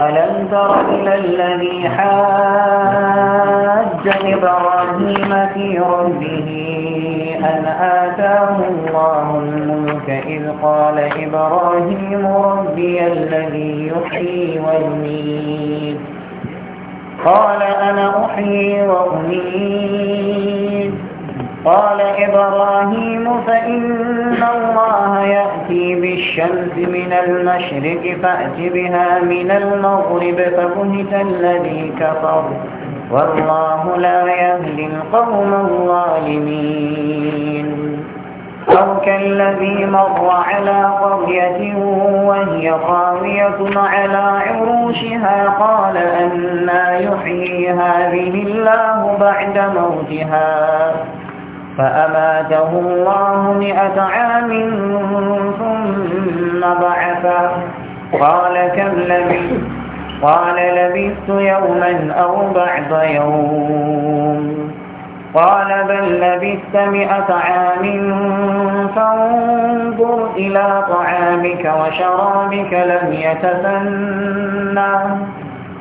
ألم تر إلى الذي حاج إبراهيم في ربه أن آتاه الله الملك إذ قال إبراهيم ربي الذي يحيي ويميت قال أنا أحيي وأميت قال إبراهيم فإن الله يأتي الشمس من المشرق فأت بها من المغرب فبهت الذي كفر والله لا يهدي القوم الظالمين أو كالذي مر على قرية وهي خاوية على عروشها قال أنا يحيي هذه الله بعد موتها فأماته الله مئة عام ثم ضعفا قال كم لبثت قال لبثت يوما أو بعض يوم قال بل لبثت مئة عام فانظر إلى طعامك وشرابك لم يتسنه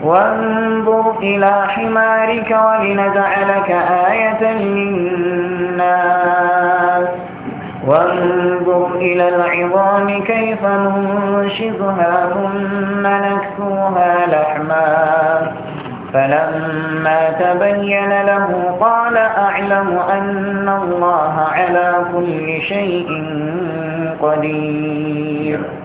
وانظر إلى حمارك ولنجعلك آية للناس وانظر إلى العظام كيف ننشزها ثم نكسوها لحما فلما تبين له قال أعلم أن الله على كل شيء قدير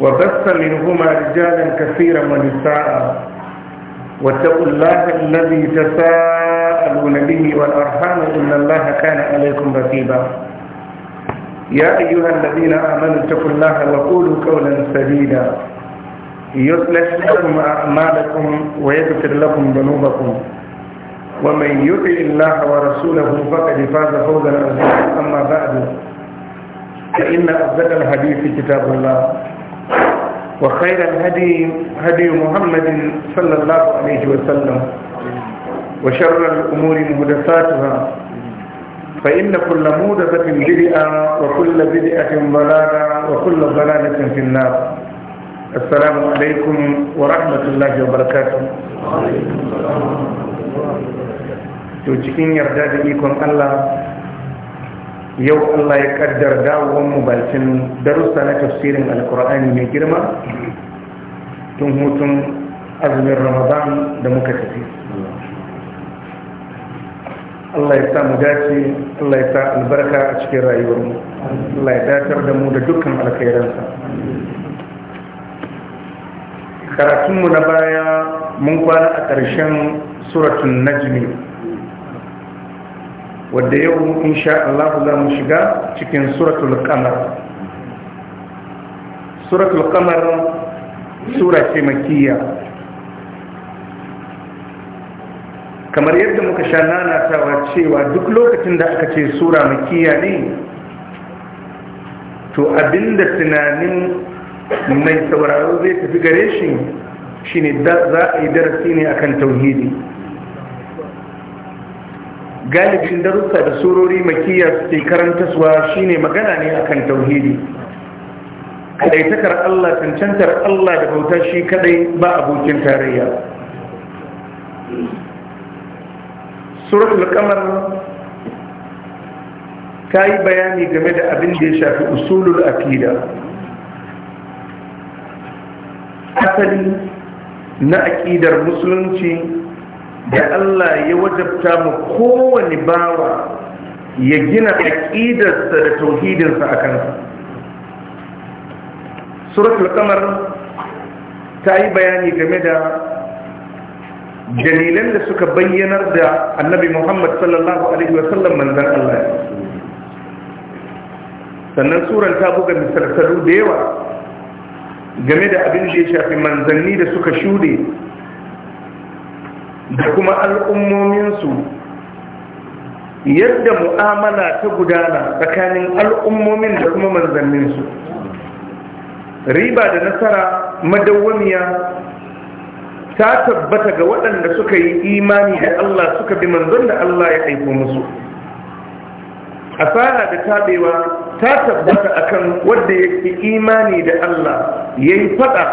وبث منهما رجالا كثيرا ونساء واتقوا الله الذي تساءلون به والارحام ان الله كان عليكم رقيبا يا ايها الذين امنوا اتقوا الله وقولوا قولا سديدا يصلح لكم اعمالكم ويغفر لكم ذنوبكم ومن يطع الله ورسوله فقد فاز فوزا عظيما اما بعد فان افضل الحديث كتاب الله وخير الهدي هدي محمد صلى الله عليه وسلم وشر الأمور مهدفاتها فإن كل مهدفة بدئة وكل بدئة ضلالة وكل ضلالة في النار السلام عليكم ورحمة الله وبركاته وعليكم السلام ورحمة الله وبركاته yau Allah ya kaddar dawon mu bakin darussa na tafsirin alkur'ani mai girma tun hutun azumin ramadan da muka tafi Allah ya sa mu dace Allah ya sa albarka a cikin rayuwarmu Allah ya datar da mu da dukkan alkhairansa karatunmu na baya mun kwana a ƙarshen suratun najmi wadda yau in sha Allah za mu shiga cikin suratul qamar suratul qamar sura ce makiyya kamar yadda muka sha nanatawa cewa duk lokacin da aka ce sura makiyya ne to abinda tunanin mai sauraro zai tafi gare shi shi ne za a yi darasi ne akan tauhidi galibin darussa da surori makiyar ke karantaswa shine magana ne akan tauhidi kadaitakar Allah cancantar Allah da bauta shi kadai ba abokin tarayya suratul kamar ta yi bayani game da abin da ya shafi usulul akida asali na akidar musulunci da Allah ya wajabta mu kowane bawa ya gina aƙidarsa da tauhidinsa a kansa suratul kamar ta yi bayani game da dalilan da suka bayyanar da annabi muhammad sallallahu alaihi wasallam manzan Allah sannan suran ta buga misaltaru da yawa game da abin da ya shafi manzanni da suka shuɗe da kuma al'ummominsu yadda mu'amala ta gudana tsakanin al'ummomin da kuma manzanninsu riba da nasara madawwamiya ta tabbata ga waɗanda suka yi imani da Allah suka bi manzon da Allah ya aiko musu asara da taɓewa ta tabbata akan wadda ya yi imani da Allah ya yi faɗa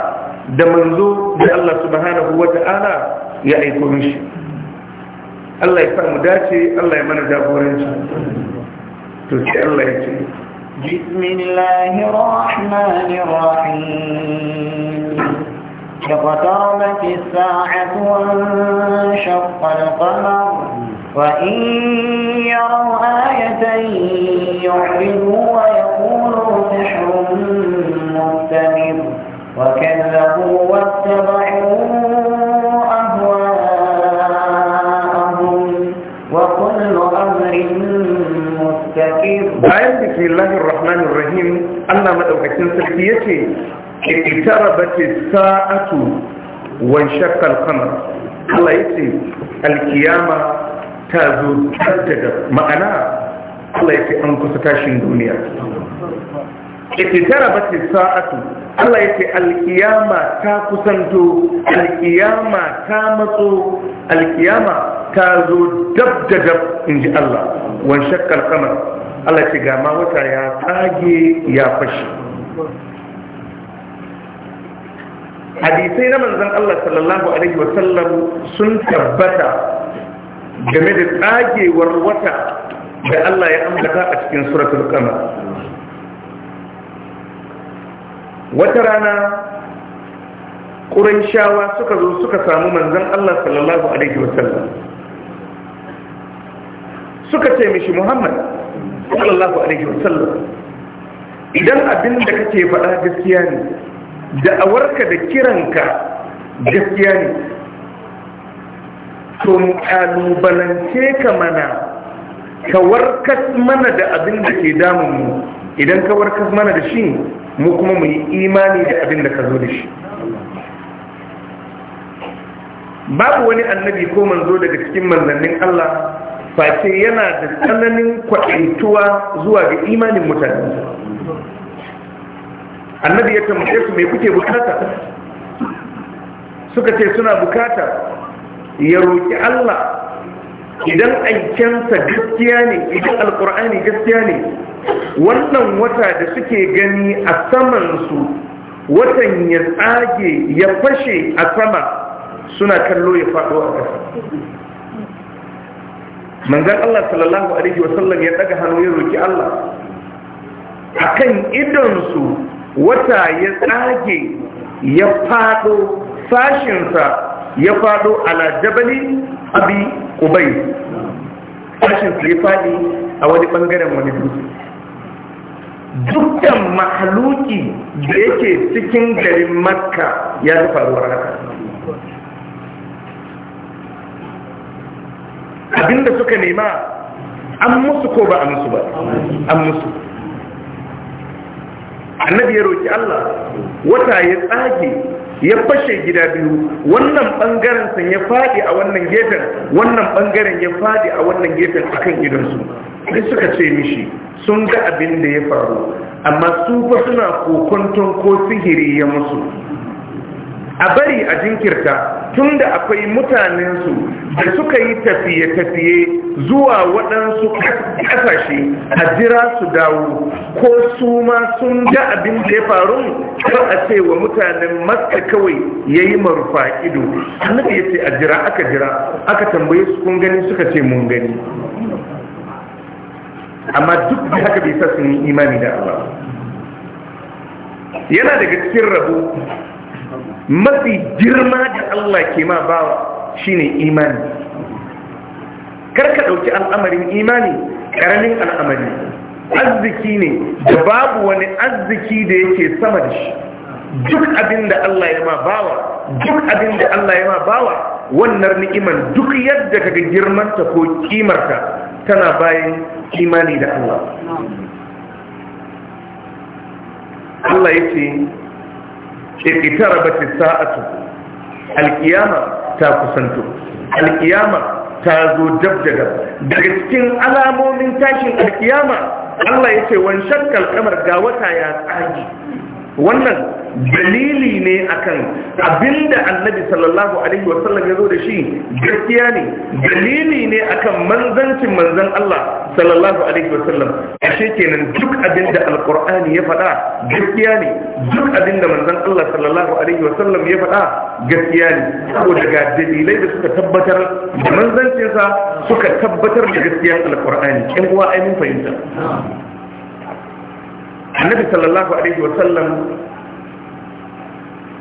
da manzo da Allah subhanahu wa ta'ala ya aiko mishi Allah ya samu dace Allah ya mana jagoranci to Allah ya ce بسم الله الرحمن الرحيم اقتربت الساعة وانشق القمر وإن يروا آية يعرضوا ويقولوا سحر مستمر وكذبوا واتبعوا baki bayan da ke lahir rahmanin rahim allah maɗaukacin sarki ya ce ƙirƙitar bace sa'atu wani shakkar kamar allah ya ce alkiyama ta zo daga ma'ana allah ya ce an kusa tashin duniya ƙirƙitar bace sa'atu allah ya ce alkiyama ta kusanto alkiyama ta matso alkiyama ta zo dab da dab in ji allah wani shakkar Allah ce gama wata ya tsage ya fashe. hadisai na manzan Allah sallallahu alaihi wasallam sun tabbata game da tsagewar wata da Allah ya ambata a cikin suratul qamar wata rana shawa suka zo suka samu manzan Allah sallallahu alaihi wasallam suka ce mishi Muhammad sallallahu alaihi wasallam idan abin da kake faɗa gaskiya ne da warka da kiranka gaskiya ne to mu kalubalance ka mana ka warkas mana da abin da ke damun mu idan ka warkas mana da shi mu kuma mu yi imani da abin da ka zo da shi babu wani annabi ko manzo daga cikin manzannin Allah face yana da tsananin kwaɗaituwa zuwa ga imanin mutane annabi ya tambaye su mai kuke bukata suka ce suna bukata ya roƙi Allah idan aikensa gaskiya ne idan alkur'ani gaskiya ne wannan wata da suke gani a samansu watan ya tsage ya fashe a sama suna kallo ya faɗo a ƙasa manzan Allah sallallahu alaihi wasallam ya daga hannu ya roki Allah A akan idonsu wata ya tsage ya fado sashinsa ya faɗo ala jabali abi kubai sashinsa ya faɗi a wani bangaren wani dutse dukkan mahaluki da yake cikin garin makka ya fi faruwar abinda suka nema an musu ko ba a musu ba an musu annabi ya roki Allah wata ya tsage ya fashe gida biyu wannan bangaren sun ya fadi a wannan gefen wannan bangaren ya fadi a wannan gefen akan idansu sai suka ce mishi sun ga abin da ya faru amma su fa suna kokonton ko sihiri ya musu a bari a jinkirta tun da akwai mutanensu da suka yi tafiye-tafiye zuwa waɗansu ƙasashe a jira su dawo ko su ma sun ga abin da ya faru kar a ce wa mutanen maska kawai ya yi marufa ido annabi ya ce a jira aka jira aka tambaye su kun gani suka ce mun gani amma duk da haka bai sa sun yi imani da Allah yana daga cikin rabo mafi girma da Allah ke ma bawa shine imani karka ɗauki al'amarin imani ƙaramin al'amari arziki ne da babu wani arziki da yake sama da shi duk abin Allah ya ma bawa duk abin Allah ya ma bawa wannan ni'iman duk yadda kaga girmanta ko kimarta tana bayan imani da Allah Allah ya ce اقتربت الساعة القيامة تاكسنتو القيامة تازو دبدب دقتكين على مؤمن تاشن القيامة الله يسي وانشك القمر قاوتا يا تاجي wannan dalili ne akan abinda annabi sallallahu alaihi wasallam ya zo da shi gaskiya ne dalili ne akan manzancin manzan Allah sallallahu alaihi wasallam ashe kenan duk abinda alqur'ani ya faɗa gaskiya ne duk abinda manzan Allah sallallahu alaihi wasallam ya faɗa gaskiya ne saboda ga dalilai da suka tabbatar da manzancin sa suka tabbatar da gaskiyar alqur'ani kin uwa ai mun fahimta annabi sallallahu alaihi wa sallam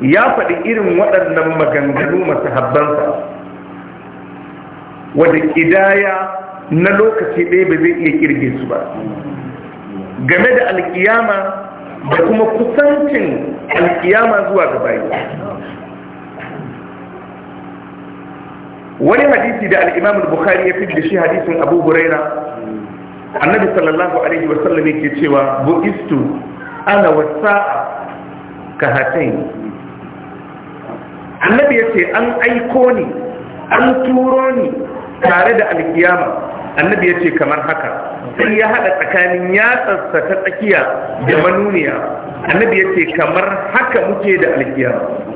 ya faɗi irin waɗannan maganganu masu habbansa wadda ƙidaya na lokaci ɗaya ba zai iya ƙirge su ba game da alkiyama da kuma kusancin alkiyama zuwa ga bayi wani hadisi da alimamul bukhari ya fi da shi hadisin abu huraira annabi sallallahu alaihi wa yake cewa bu'istu ana wasa'a ka hatai. annabi yace an aiko ni an turo ni tare da alkiyama annabi yace kamar haka sai ya hada tsakanin yatsarsa ta tsakiya da manuniya annabi yace kamar haka muke da alkiyama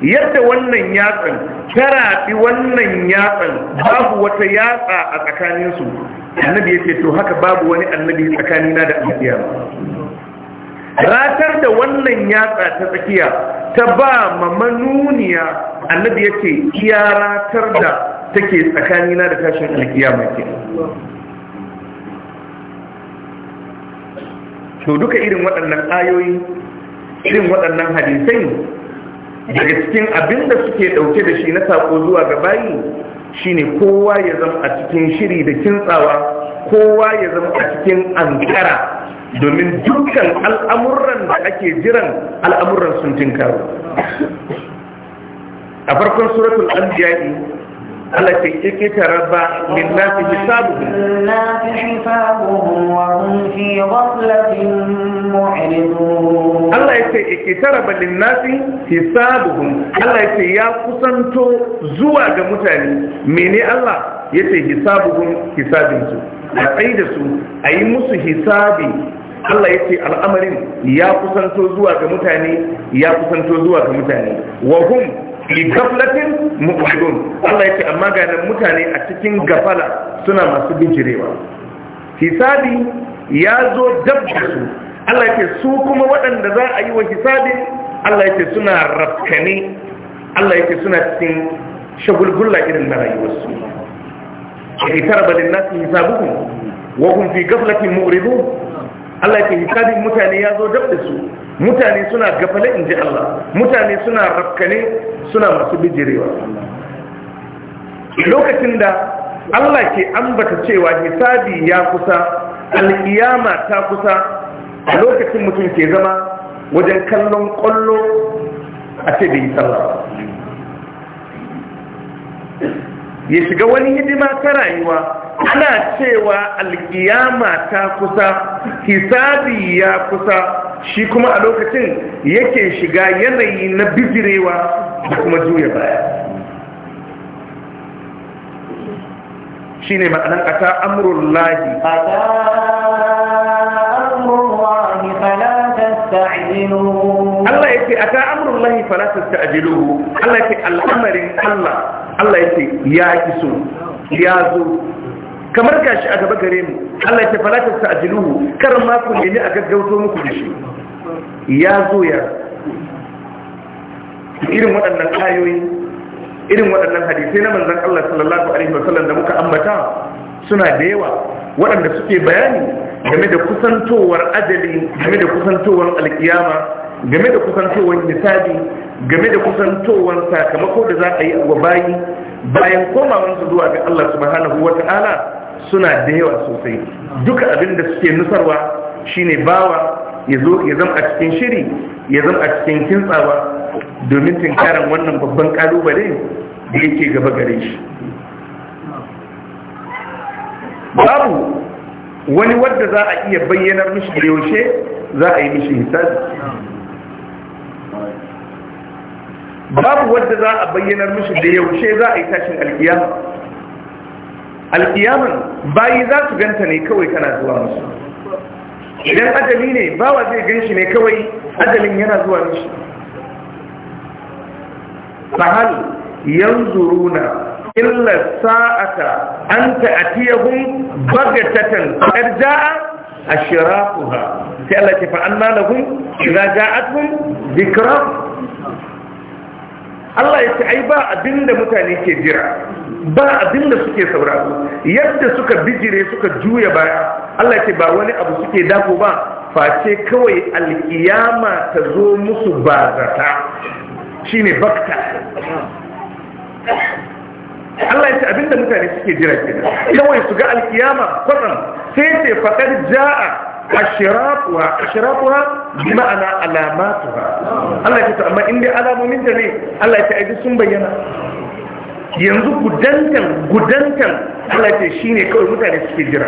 yadda wannan yatsan karaɗi wannan yatsan babu wata yatsa a tsakaninsu annabi ya ce to haka babu wani annabi tsakanina da annabiya ratar da wannan yatsa ta tsakiya ta ba ma manuniya annabi ya ce iya ratar da take tsakanina da tashin alkiyama ke to duka irin waɗannan ayoyi irin waɗannan hadisai daga cikin abin da suke dauke da shi na sako zuwa ga bayi shine kowa ya zama a cikin shiri da kintsawa kowa ya zama a cikin ankara domin dukkan al'amuran da ake jiran al'amuran sun tinkaru a farkon suratul anbiya'i Allah ce kike tarabba lin nasi hisabuhum nasi hisabuhum wa hum fi ghaflatin mu'ridun Allah ya ce ba tarabba na fi hisabuhum Allah ya ce ya kusanto zuwa ga mutane mene Allah ya ce hisabuhum hisabinsu a tsaye su a yi musu hisabi Allah ya ce al'amarin ya kusanto zuwa ga mutane ya kusanto zuwa ga mutane wa hum fi gaflatin Allah ya ce amma ga nan mutane a cikin gafala suna masu bijirewa hisabi ya zo dab su Allah ya ce su kuma waɗanda za a yi wa hisabi Allah ya ce suna rafkane Allah ya ce suna cikin shagulgulla irin na rayuwarsu ya tarbalin nasu hisabu wa hum fi gaflatin mu'ridun Allah ke hisabin mutane ya zo dab da su mutane suna gafale in ji Allah mutane suna rafkane suna masu bijirewa lokacin da Allah ke ambata cewa hisabi ya kusa alkiyama ta kusa lokacin mutum ke zama wajen kallon kwallo a ce bai sallah ya shiga wani hidima ta rayuwa ana cewa alkiyama ta kusa hisabi ya kusa shi kuma a lokacin yake shiga yanayi na bijirewa da kuma juya baya shi ne ma'anan ata amurin lahi ata amurin Allah yake ta amurin lahi falatas ta'ajiluhu Allah yake al'amarin Allah Allah yake ya iso ya zo kamar gashi a gaba gare mu Allah ya fala ta ajiluhu kar ma ku ne a gaggauto muku da shi ya zo ya irin waɗannan ayoyi irin waɗannan hadisai na manzon Allah sallallahu alaihi wasallam da muka ambata suna da yawa waɗanda suke bayani game da kusantowar ajali game da kusantowar alkiyama game da kusantowar hisabi game da kusantowar sakamako da za a yi wa bayi bayan komawansu zuwa ga Allah subhanahu wata'ala suna da yawa sosai duka abin da suke nusarwa shine bawa ya zo ya zama a cikin shiri ya zama a cikin kintsawa domin tunkaran wannan babban kalubale da yake gaba gare shi babu wani wadda za a iya bayyanar mishi da yaushe za a yi mishi hisabi babu wadda za a bayyanar mishi da yaushe za a yi tashin alkiya alkiyaman bayi za su ganta ne kawai kana zuwa musu idan ajali ne bawa zai gan shi ne kawai ajalin yana zuwa musu fahal yanzuruna illa sa'ata an ta'atiyahum bagatatan qad a ashraquha sai Allah ya fa anna lahum idza ja'atuhum Allah ya ce ai ba abinda mutane ke jira ba abinda suke sauraro yadda suka bijire suka juya baya Allah ya ce ba wani abu suke dako ba face kawai alkiyama ta zo musu ba zata shine bakta Allah ya ce abinda mutane suke jira kenan kawai su ga alkiyama kwatsam sai ce faɗar ja'a ashirafuwa ashirafuwa bi ma'ana alamatuwa Allah ya ce amma inda alamomin ta ne Allah ya ce ai sun bayyana yanzu gudantan gudantan Allah ce ne kawai mutane suke jira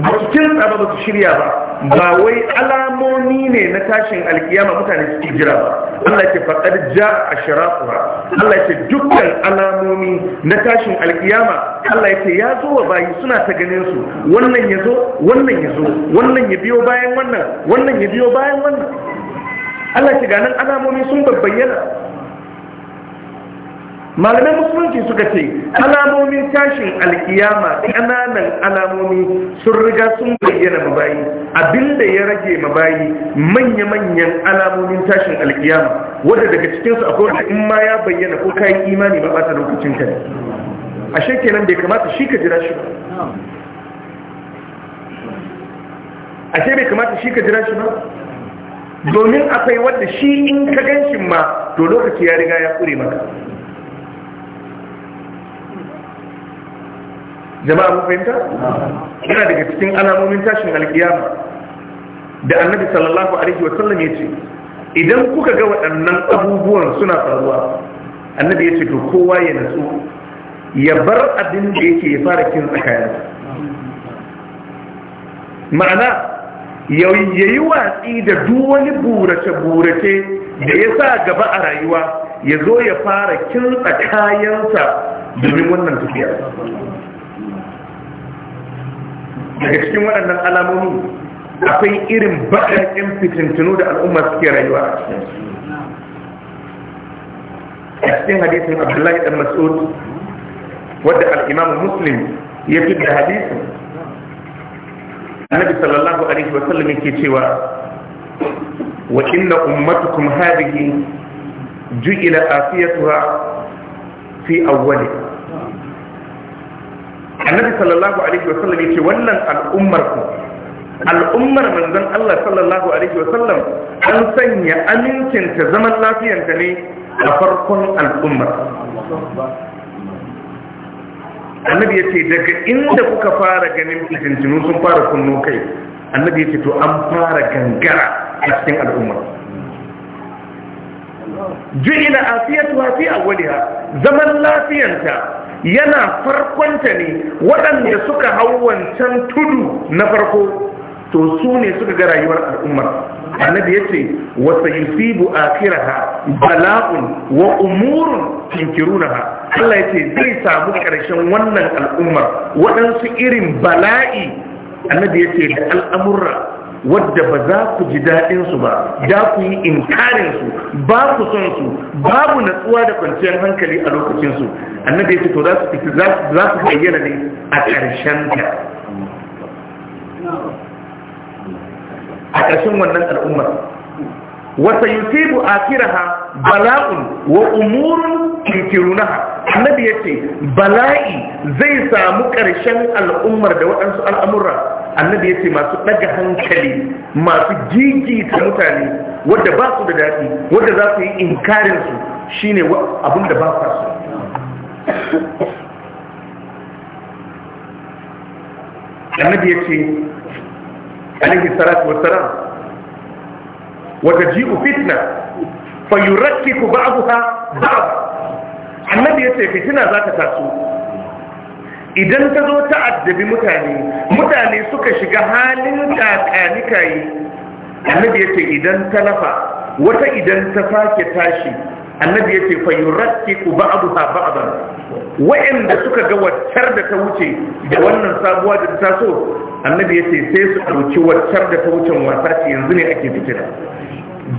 ba su kinsa ba ba su shirya ba ba wai alamomi ne na tashin alkiyama mutane suke jira ba Allah ce faɗar ja a shirafuwa Allah ce dukkan alamomi na tashin alkiyama Allah ya ce ya zo wa bayi suna ta ganin su wannan ya zo wannan ya zo wannan ya biyo bayan wannan wannan ya biyo bayan wannan Allah ce ganin alamomi sun babbayyana malamai musulunci suka ce alamomin tashin alkiyama ƙananan alamomi sun riga sun bayyana mabayi abinda ya rage mabayi manya-manyan alamomin tashin alkiyama wadda daga cikinsu akwai wanda in ma ya bayyana ko kayan imani ba ta lokacin ka a ashe kenan bai kamata shi ka jira shi ba ashe bai kamata shi ka jira shi ba domin akwai wadda shi in ka ganshin ma to lokaci ya riga ya kure maka jama'a mun fahimta yana daga cikin alamomin tashin alkiyama da annabi sallallahu alaihi wasallam ya ce idan kuka ga waɗannan abubuwan suna faruwa annabi ya ce to kowa ya natsu ya bar abin da yake ya fara kin tsakayen ma'ana yayi watsi da duk wani burace-burace da ya sa gaba a rayuwa ya zo ya fara kin tsakayensa domin wannan tafiya daga cikin waɗannan alamomi akwai irin baƙaƙen fitintunu da al'umma suke rayuwa a cikin hadisin abdullahi dan mas'ud wadda al'imam muslim ya fi da hadisin annabi sallallahu alaihi wasallam yake cewa wa inna ummatukum hadhihi ju'ila afiyatuha fi awwaliha annabi sallallahu alaihi wa sallam yace wannan al'ummar ku al'ummar manzon Allah sallallahu alaihi wa sallam an sanya amincin ta zaman lafiyar ta ne a farkon al'ummar annabi yace daga inda kuka fara ganin fitintinu sun fara kunno kai annabi yace to an fara gangara a cikin al'ummar ju'ila afiyatuha fi awwaliha zaman lafiyanta yana farkonta ne waɗanda suka hau wancan tudu na farko to su ne suka ga rayuwar al'umma annabi yace wa sayusibu akiraha bala'un wa umurun ha. Allah yace zai samu karshen wannan al'ummar waɗansu irin bala'i annabi yace da al'amurra wadda ba za ku ji daɗinsu ba za ku yi inkarinsu ba ku son su babu natsuwa da kwanciyar hankali a lokacinsu annabi ya to za su fi za su bayyana ne a ƙarshen ta a ƙarshen wannan al'ummar وسيصيب آخرها بلاء وأمور ينكرونها النبي يتي بلائي زي سامو كرشان الأمر دو أنسو الأمر النبي يتي ما سنجا هنكلي ما سجيجي تمتاني ودى باسو دداتي ودى ذاتي إنكارنسو شيني أبن دباساسو النبي يتي عليه الصلاة والسلام وتجيء فتنة فيركك بعضها بعض annabi ya ce fitina za ta taso idan ta zo ta addabi mutane mutane suka shiga halin kakanikayi annabi ya ce idan ta nafa, wata idan ta sake tashi annabi yace fa yurakkiku ba'daha ba'dan wa'anda suka ga waccar da ta wuce da wannan sabuwa da ta so annabi yace sai su dauki waccar da ta wuce wata ce yanzu ne ake fitira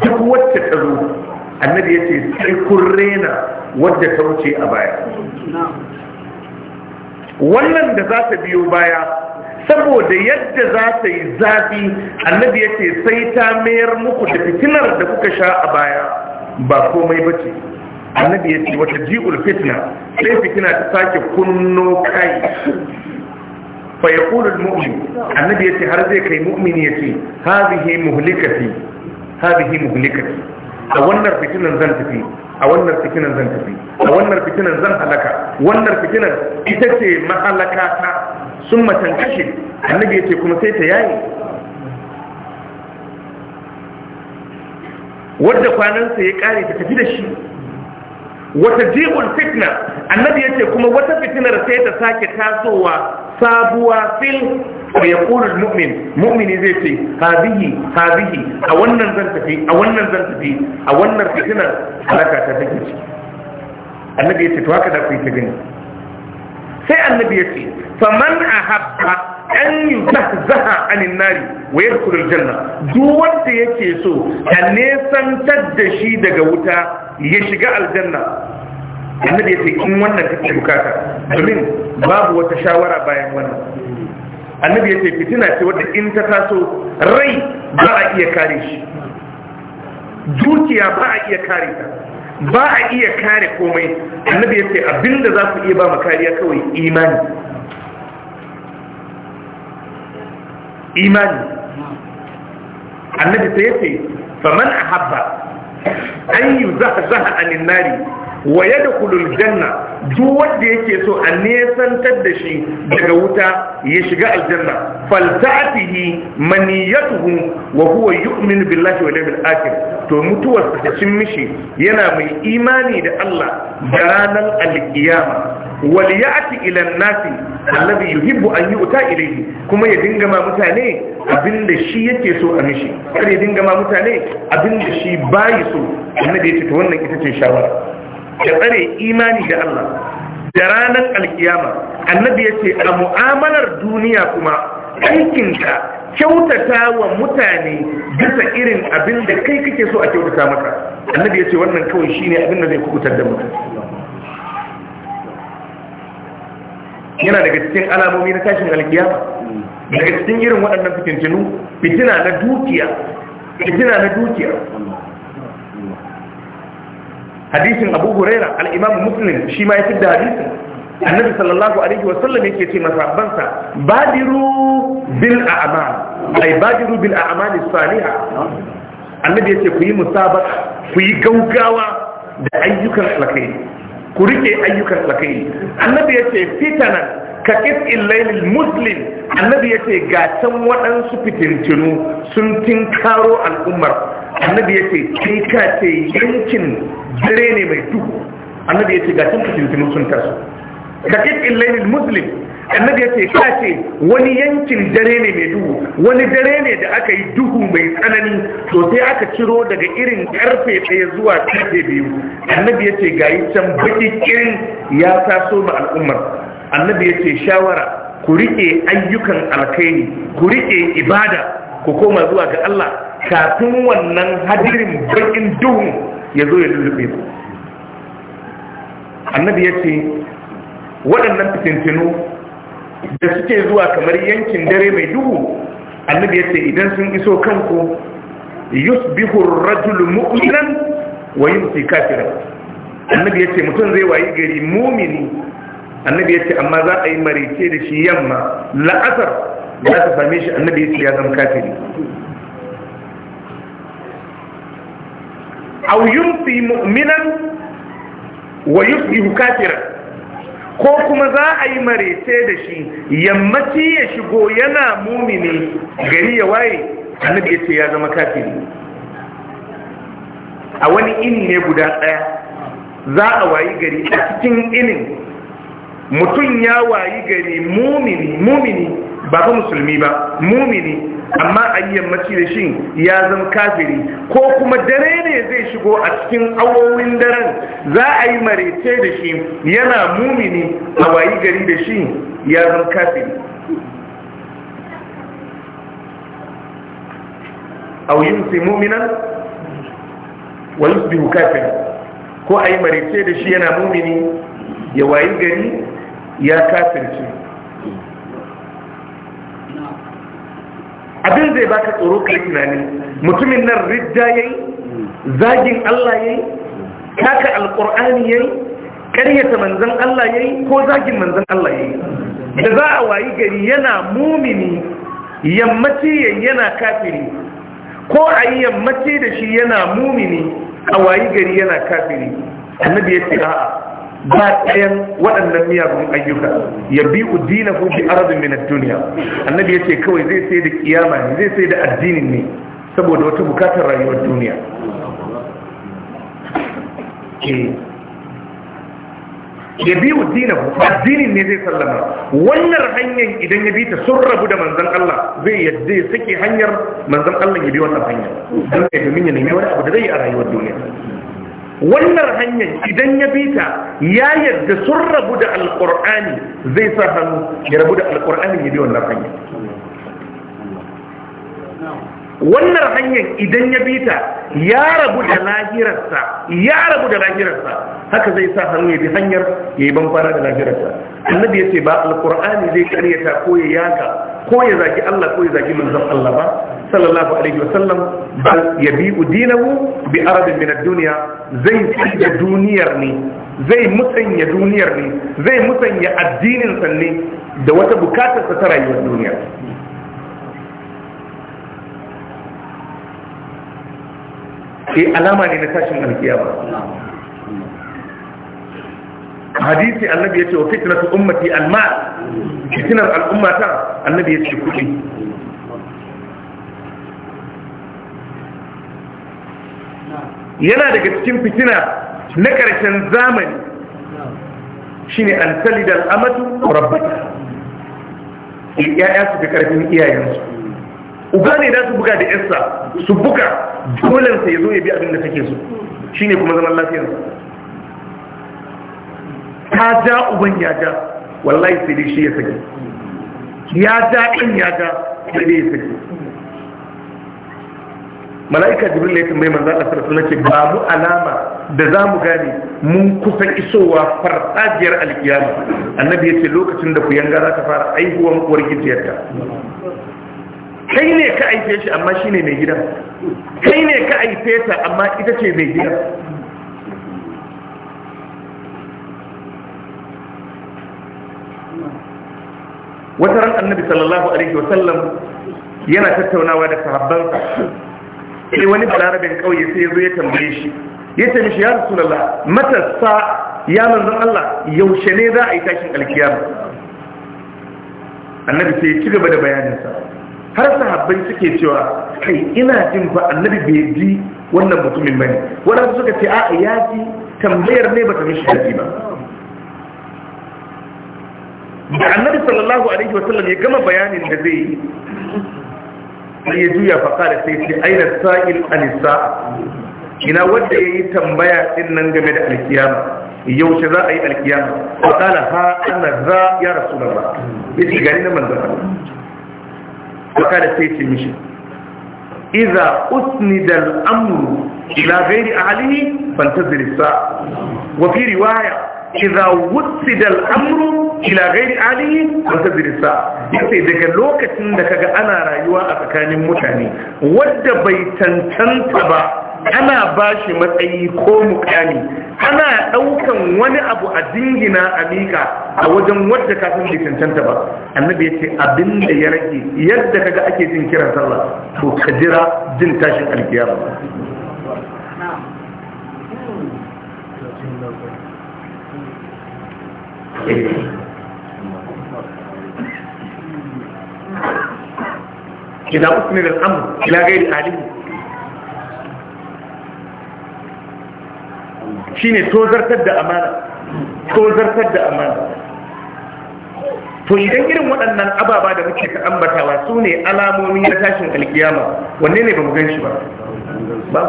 duk wacce ta zo annabi yace sai kun rena wadda ta wuce a baya wannan da za ta biyo baya saboda yadda za ta yi zafi annabi yace sai ta mayar muku da fitinar da kuka sha a baya ba komai ba ce annabi ya ce wata ji'ul fitna sai fitina ta sake kunno kai fa ya al-mu'min annabi ya ce har zai kai mu'mini ya ce hadhihi muhlikati hadhihi muhlikati a wannan fitinan zan tafi a wannan fitinan zan tafi a wannan fitinan zan halaka wannan fitinan ita ce mahalaka ta sun matan kashe annabi ya ce kuma sai ta yaye. wadda kwanansa ya kare ta tafi da shi wata jibun fitna annabi ya ce kuma wata fitinar sai ta sake tasowa sabuwa fil wa ya ƙuri mu'min mu'mini zai ce hazihi hazihi a wannan zan tafi a wannan zan tafi a wannan fitinar halaka ta take ciki annabi ya ce to haka da ku yi ta gani sai annabi ya ce faman ahabba an zaha anin nari wa kudur janna. duk wanda ke so a nesantar da shi daga wuta ya shiga aljanna annabi ya ce in wannan ke bukata domin babu wata shawara bayan wannan annabi ya ce fitina ce wadda in ta taso rai ba a iya kare shi dukiya ba a iya kare ta ba a iya kare komai annabi ya ce abinda za ku iya ba mu kariya kawai imani imani annabi sai ya ce faman ahabba an yi zaha zaha anin nari da yadkhulul janna duk wanda yake so a nesantar da shi daga wuta ya shiga aljanna falta'atihi maniyatuhu wa huwa yu'minu billahi wal yawmil akhir to mutuwar ta mishi yana mai imani da Allah da ranar alkiyama wal ya'ti ila an-nasi alladhi yuhibbu an yu'ta ilayhi kuma ya dinga ma mutane abinda shi yake so a mishi kar ya dinga ma mutane abinda shi bayi so annabi ya ce to wannan ita ce shawara ya tsare imani da Allah da ranar alkiyama annabi ya ce a mu'amalar duniya kuma aikinka kyautata wa mutane bisa irin abin da kai kake so a kyautata maka annabi ya ce wannan kawai shine abin da zai kubutar da mutum yana daga cikin alamomi na tashin alkiyama daga cikin irin waɗannan fitintinu fitina na dukiya hadisin abu huraira al'imamu muslim shi ma ya fi da hadisin annabi sallallahu alaihi wasallam yake ce masabansa badiru bil a'mal ay badiru bil a'mal salihah annabi yake ku yi musabaka ku yi gaugawa da ayyukan alkhairi ku rike ayyukan alkhairi annabi yake fitanan ka ƙis'in lailin muslim annabi ya ce gatan waɗansu fitintinu sun tinkaro al'ummar annabi ya ce kai ka ce yankin dare ne mai duhu annabi ya ce ga tunka cikin sun taso ka ce lailin muslim annabi ya ce ka ce wani yankin dare ne mai duhu wani dare ne da aka yi duhu mai tsanani to sai aka ciro daga irin karfe ɗaya zuwa karfe biyu annabi ya ce ga yi can baki kirin ya taso ma al'ummar annabi ya ce shawara ku riƙe ayyukan alkaini ku riƙe ibada ku koma zuwa ga Allah kafin wannan hadirin bakin duhu ya zo ya lullube su annabi ya ce waɗannan fitintinu da suke zuwa kamar yankin dare mai duhu annabi ya ce idan sun iso kanku yusbihu rajulu mu'minan wa yumsi kafiran annabi ya ce mutum zai wayi gari mumini annabi ya ce amma za a yi marice da shi yamma la'asar za ta same shi annabi ya ce ya zama kafiri aw yumsi mu'minan wa yusbihu kafiran ko kuma za a yi marece da shi yammaci ya shigo yana mumini gari ya waye annabi ya ce ya zama kafiri a wani ini ne guda ɗaya za a wayi gari a cikin inin mutum ya wayi gari mumini mumini ba ba musulmi ba mumini amma a yammaci da shi ya zan kafiri ko kuma dare ne zai shigo a cikin awowin daren za a yi marece da shi yana mumini a wayi gari da shi ya zan kafiri au sai muminan wa yusbihu kafir ko a yi marece da shi yana mumini ya wayi gari ya kafirce abin zai baka tsoro kai tunani mutumin nan ridda yayi zagin Allah yayi kaka alqur'ani yayi karyata manzon Allah yayi ko zagin manzon Allah yayi da za a wayi gari yana mumini yammaci yana kafiri ko ayi yammaci da shi yana mumini a wayi gari yana kafiri annabi ya ce a'a ba ɗayan waɗannan miyagun ayyuka ya bi udina ko bi arabin min duniya annabi ya ce kawai zai sai da kiyama ne zai sai da addinin ne saboda wata bukatar rayuwar duniya eh. ya bi udina ko addinin ne zai sallama wannan hanyar idan ya bi ta sun rabu da manzan Allah zai yadda ya sake hanyar manzan Allah ya bi wannan hanyar don ya domin ya nemi wani abu da zai yi a rayuwar duniya wannan hanyar idan ya bi ta ya yarda sun rabu da alkur'ani zai sa hannu ya rabu da alkur'ani ya bi wannan hanyar wannan hanyar idan ya bi ta ya rabu da lahirarsa ya rabu da lahirarsa haka zai sa hannu ya bi hanyar ya yi banfara da lahirarsa annabi ya ce ba alkur'ani zai karyata ko ya yaka ko ya zaki Allah ko ya zagi manzon Allah ba sallallahu alaihi wa sallam bal yabi'u dinahu bi arabin min ad-dunya zai tsaya duniyar ne zai musanya duniyar ne zai musanya addinin sanne da wata bukatar ta rayuwar duniya eh alama ne na tashin alkiyama hadisi annabi ya ce wa fitnatu ummati almal fitnar al'ummata annabi ya ce kuɗi yana daga cikin fitina na ƙarshen zamani shine an talidal amatu rabbata iyaya su fi ƙarfin iyayensu uba ne za su buga da yarsa su buga dolensa ya zo ya bi abin da take so shine kuma zaman lafiyarsa ta ja uban ya ja wallahi sai dai shi ya saki ya ja ɗin ya ja sai dai ya saki mala'ika jibril ya tambayi manzo Allah sallallahu alaihi wasallam ba mu alama da za mu gane mun kusa isowa farfajiyar alkiyama annabi ya ce lokacin da ku yanga za ta fara aihuwan uwar gijiyarta kai ne ka aife shi amma shi ne mai gidan kai ne ka aife ta amma ita ce mai gidan wata ran annabi sallallahu alaihi wa sallam yana tattaunawa da sahabbansa sai wani balarabin kauye sai ya zo ya tambaye shi ya tambaye mishi ya rasulullah mata sa ya manzon Allah yaushe ne za a yi tashin alkiyama annabi sai ya ci gaba da bayanin sa, har sahabbai suke cewa kai ina jin fa annabi bai ji wannan mutumin bane wadanda suka ce a'a ya ji tambayar ne bata mishi daɗi ba da annabi sallallahu alaihi wasallam ya gama bayanin da zai yi sai ya juya faka da sai ce aina sa'il anisa ina wanda ya yi tambaya din nan game da alkiyama yaushe za a yi alkiyama wa kala ha ana za ya rasu ya gani na manzan Allah da sai ce mishi iza usnida al'amru ila gairi ahlihi fantazir sa wa fi riwaya iza wutsida amru ila ghairi alihi wa tadrisa yace daga lokacin da kaga ana rayuwa a tsakanin mutane wadda bai tantanta ba ana bashi matsayi ko mukami ana daukan wani abu a dingina a a wajen wadda kafin bai tantanta ba annabi yace abinda ya rage yadda kaga ake jin kiran sallah to ka jin tashin alkiyama إذا أثني للأمر إلى غير آله شيني tozartar da amana توزر da amana to idan irin waɗannan ababa da muke ta ambatawa su ne alamomi na tashin alkiyama wanne ne ba mu gan shi ba ba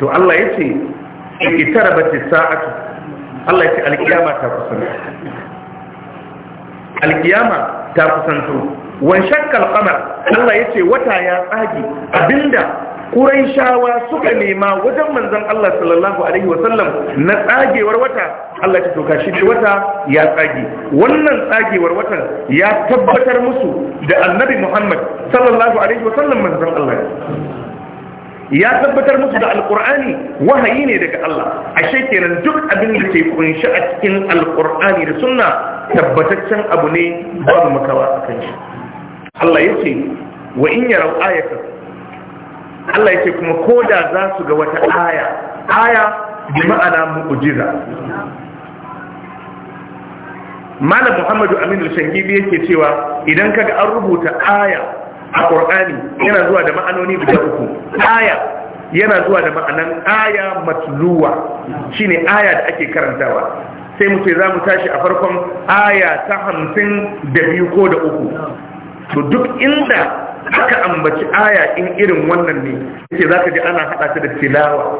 to Allah ya ce itara bace sa'atu Allah ya ce alkiyama ta kusanto alkiyama ta kusanto wan shakkal qamar Allah ya ce wata ya tsagi abinda Quraishawa suka nema wajen manzon Allah sallallahu alaihi wasallam na tsagewar wata Allah ya toka shi wata ya tsage wannan tsagewar watan ya tabbatar musu da Annabi Muhammad sallallahu alaihi wasallam manzon Allah ya tabbatar musu da alkur'ani wahayi ne daga Allah ashe kenan duk abin da ke kunshi a cikin alkur'ani da sunna tabbataccen abu ne babu makawa a kan shi Allah ya ce wa in yarau ayatan Allah ya ce kuma koda za su ga wata aya aya bi ma'ana mu'jiza Malam Muhammadu Aminu Shangibi yake cewa idan kaga an rubuta aya a ƙur'ani yana zuwa da ma'anoni guda uku aya yana zuwa da ma'anan aya matluwa shine aya da ake karantawa sai mu ce za mu tashi a farkon aya ta hamsin da biyu ko da uku to duk inda aka ambaci aya in irin wannan ne yake za ka ji ana haɗa ta da tilawa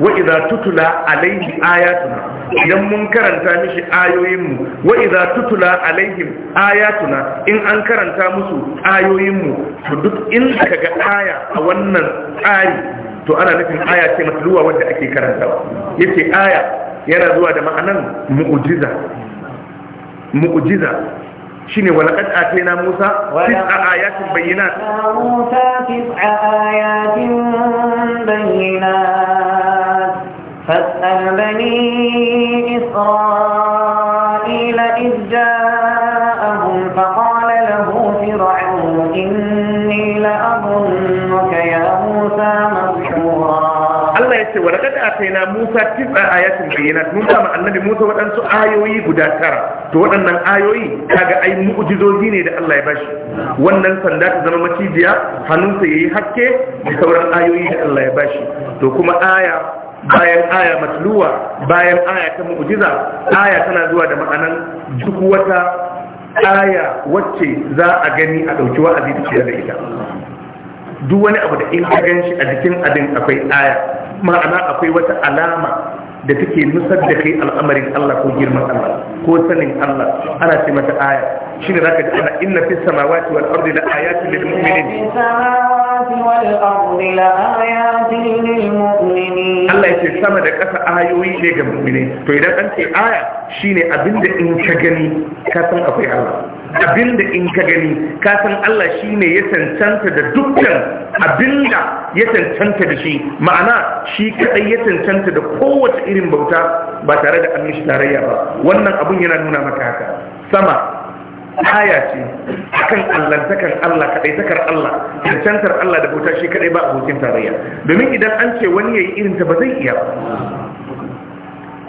Wa'iza tutula alaihi ayatuna idan mun karanta mishi ayoyinmu wa idza tutula alaihim ayatuna in an karanta musu ayoyinmu to duk in kaga aya a wannan tsari to ana nufin aya ce matluwa wanda ake karanta yace aya yana zuwa da ma'anan mu'jiza mu'jiza shine qad atayna Musa tis'a ayatin bayyinat Musa tis'a ayatin bayyinat fas'al bani إسرائيل إذ جاءهم فقال له فرعون إني لأظنك يا موسى مسحورا Allah ya ce wa laqad atayna Musa tis'a ayatin bayyinat mun ba annabi Musa waɗansu ayoyi guda tara to waɗannan ayoyi kaga ai mu'jizoji ne da Allah ya bashi wannan sanda ta zama macijiya hannunsa yayi hakke da sauran ayoyi da Allah ya bashi to kuma aya bayan aya matluwa bayan aya ta mu'jiza aya tana zuwa da ma'anan duk wata aya wacce za a gani a ɗauki wa'azi ta da ita duk wani abu da in ka gan shi a jikin abin akwai aya ma'ana akwai wata alama da take nusar da kai al'amarin Allah ko girman Allah ko sanin Allah ana ce mata aya shine zaka ji ana inna fis samawati wal ardi la ayatin lil mu'minin samawati wal ardi la ayatin lil mu'minin ce sama da ƙasa ayoyi ne ga mummune to idan an ce aya shine abinda in ka gani ka akwai Allah abinda in ka gani kasan san Allah shine ya cancanta da dukkan abinda ya cancanta da shi ma'ana shi kadai ya cancanta da kowace irin bauta ba tare da an mishi tarayya ba wannan abun yana nuna maka haka sama aya ce akan allantakar Allah kaɗaitakar Allah cancantar Allah da bauta shi kadai ba abokin tarayya domin idan an ce wani yayi irin ta ba zai iya ba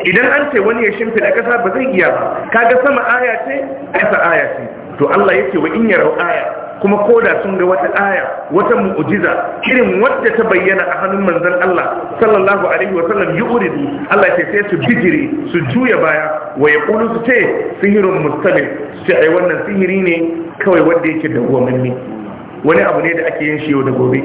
idan an ce wani ya shimfida kasa ba zai iya ba kaga sama aya ce kasa aya ce to Allah yake wa in yarau aya kuma koda sun ga wata aya wata mu'jiza irin wadda ta bayyana a hannun manzon Allah sallallahu alaihi wa sallam yuridu Allah ya sai su bijiri su juya baya wa yaqulu su ce sihirun mustamil su ai wannan sihiri ne kawai wanda yake da ne wani abu ne da ake yin shi yau da gobe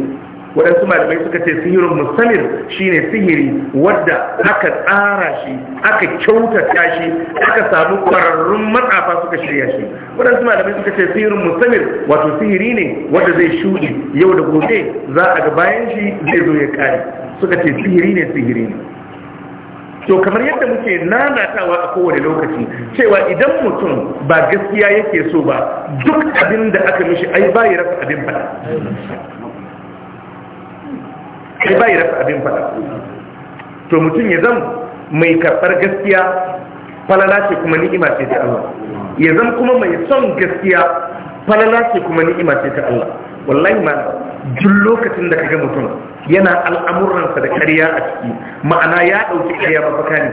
waɗansu malamai suka ce sihirin musamman shine sihiri wadda aka tsara shi aka kyautata shi aka samu ƙwararrun matsafa suka shirya shi waɗansu malamai suka ce sihirin musamman wato sihiri ne wadda zai shuɗi yau da gobe za a ga bayan shi zai zo ya kare suka ce sihiri ne sihiri ne to kamar yadda muke nanatawa a kowane lokaci cewa idan mutum ba gaskiya yake so ba duk abin da aka mishi ai bayi rasa abin ba kai bai rasa abin faɗa to mutum ya zama mai karɓar gaskiya falala ce kuma ni'ima ce ta Allah ya zama kuma mai son gaskiya falala ce kuma ni'ima ce ta Allah wallahi ma duk lokacin da kaga mutum yana al'amuransa da kariya a ciki ma'ana ya ɗauki kariya ba baka ne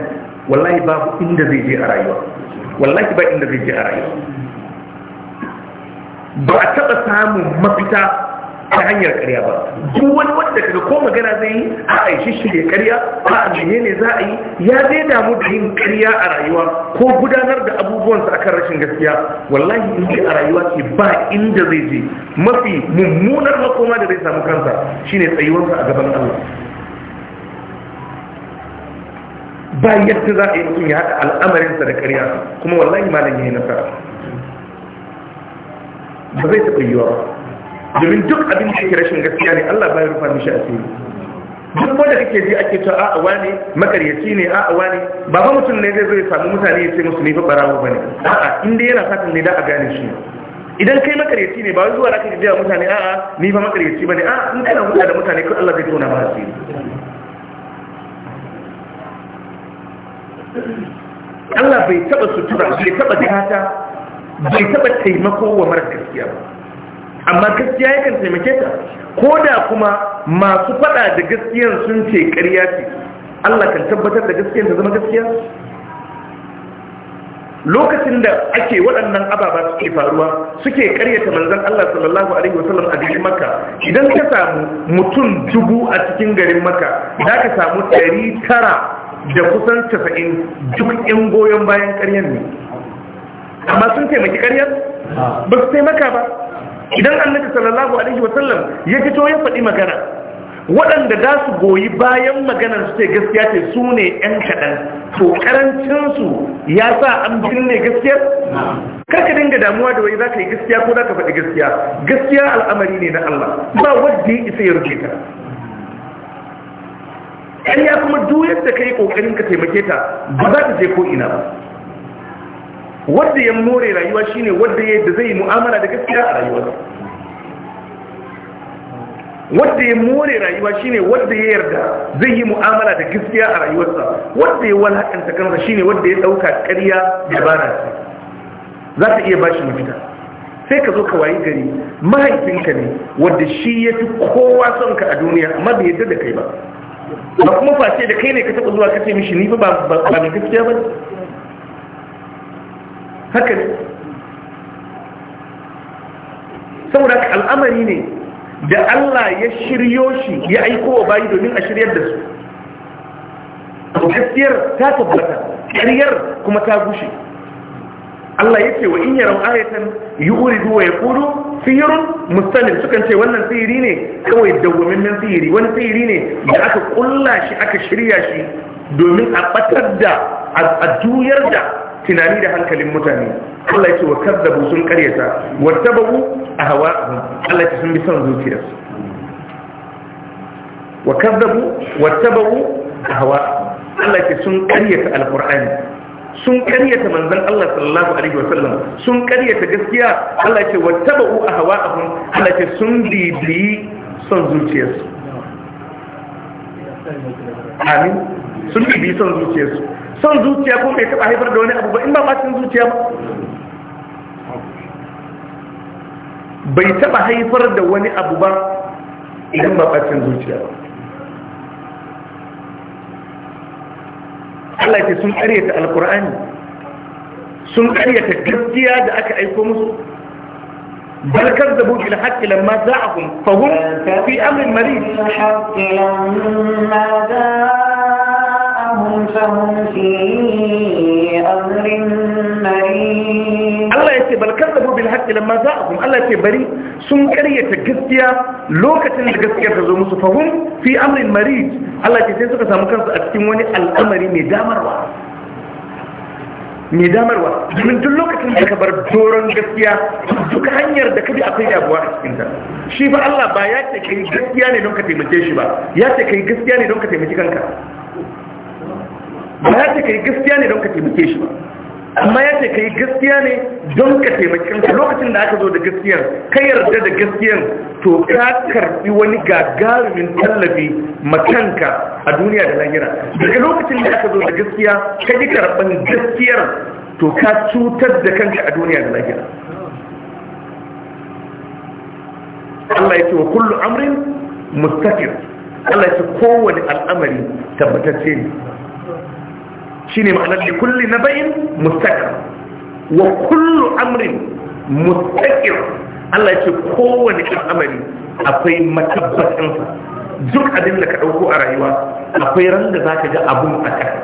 wallahi babu inda zai je a rayuwa wallahi ba inda zai je a rayuwa ba a taɓa samun mafita ta hanyar karya ba duk wani wanda kaga ko magana zai yi a a shi karya a jiye ne za a yi ya zai damu da yin karya a rayuwa ko gudanar da abubuwansa akan rashin gaskiya wallahi in a rayuwa ce ba inda zai je mafi mummunar makoma da zai samu kansa shine tsayuwarsa a gaban Allah ba yadda za a yi mutum ya haɗa al'amarinsa da karya kuma wallahi malam ya yi nasara ba zai taɓa yiwa ba domin duk abin da yake rashin gaskiya ne Allah ba ya rufa mishi asiri duk wanda kake ji ake ta a'a wani makaryaci ne a'a wani ba ba mutum ne zai zo ya samu mutane ya ce musu ne fa barawo bane a'a inda yana fatan ne da a gane shi idan kai makaryaci ne ba wai zuwa zaka ji mutane a'a ni fa makaryaci bane a'a in kana hulɗa da mutane ko Allah zai tona ma asiri Allah bai taba sutura bai taba gata bai taba taimako wa mara gaskiya ba amma gaskiya yakan taimake ta ko da kuma masu faɗa da gaskiyar sun ce ƙarya ce Allah kan tabbatar da gaskiyar ta zama gaskiya lokacin da ake waɗannan ababa suke faruwa suke karyata manzan Allah sallallahu Alaihi wasallam a garin maka idan ka samu mutum dubu a cikin garin makka za ka samu ɗari tara da kusan casa'in duk ƴan goyon bayan ƙaryar ne amma sun taimaki ƙaryar ah. ba su taimaka ba idan annabi sallallahu alaihi wa sallam ya fito ya faɗi magana waɗanda za su goyi bayan maganar su ce gaskiya ce su ne 'yan kaɗan to ƙarancinsu ya sa an binne gaskiyar? karka dinga damuwa da wai za ka yi gaskiya ko za ka faɗi gaskiya gaskiya al'amari ne na Allah ba wadda ya isa ya rufe ta ƙarya kuma duk yadda ka yi ƙoƙarin ka taimake ta ba za ta je ko ina ba wadda ya more rayuwa shine wadda ya da zai mu'amala da gaskiya a rayuwarsa wadda ya more rayuwa shine wadda ya yarda zai yi mu'amala da gaskiya a rayuwarsa wadda ya walakanta kansa shine wadda ya dauka ƙarya da bara ce za ta iya bashi mafita sai ka zo ka wayi gari mahaifinka ne wadda shi ya fi kowa son ka a duniya amma bai yarda da kai ba ba kuma face da kai ne ka taɓa zuwa kace mishi ni ba ba ba gaskiya ba haka ne saboda al'amari ne da Allah ya shiryo shi ya aiko wa bayi domin a shiryar da su gaskiyar ta tabbata ƙaryar kuma ta gushe Allah ya ce wa in yaran ayatan yi wa ya kudu sihirun mustalim sukan ce wannan sihiri ne kawai nan sihiri wani sihiri ne da aka kulla shi aka shirya shi domin a ɓatar da a juyar da tunani da hankalin mutane Allah ya ce wa kazzabu sun karyata a ahwa'ahum Allah ya ce sun bi son zuciyarsu wa kazzabu a ahwa'ahum Allah ya ce sun karyata alqur'ani sun karyata manzon Allah sallallahu alaihi Sallam. sun karyata gaskiya Allah ya ce a ahwa'ahum Allah ya ce sun bibi son zuciyarsu amin sun bibi son zuciyarsu son zuciya kuma bai taba haifar da wani abu ba in ba bacin zuciya ba bai taba haifar da wani abu ba idan ba bacin zuciya ba Allah ce sun karyata alkur'ani sun karyata gaskiya da aka aiko musu بل كذبوا بالحق لما جاءهم فهم في أمر مريض الحق لما جاءهم فهم في أمر مريض الله يتي بل كذبوا بالحق لما جاءهم الله يتي بري سن كرية قسكية لوكة قسكية تزوم فهم في أمر مريض الله suka samu سامكان a الأمر مدامر وعلا mai damarwa domin duk lokacin da ka bar doron gaskiya duka hanyar da ka bi akwai damuwa a cikinta shi ba Allah ba ya ce kai gaskiya ne don ka taimake shi ba ya ce kai gaskiya ne don ka taimaki kanka ba ya ce ka yi gaskiya ne don ka taimake shi ba amma ya ce ka yi gaskiya ne don ka taimake shi lokacin da aka zo da gaskiyar ka yarda da gaskiyar to ka karbi wani gagarumin tallafi makanka a duniya da lahira daga lokacin da aka zo da gaskiya ka yi karban gaskiyar to ka cutar da kanka a duniya da lahira Allah ya ce wa kullu amrin mustaqir Allah ya ce kowane al'amari tabbatacce ne shine ma'anar li kulli na nabayin mustaqir wa kullu amrin mustaqir Allah ya ce kowane amari akwai matabbatansa duk abin da ka ɗauko a rayuwa akwai ran da zaka ga abun a kai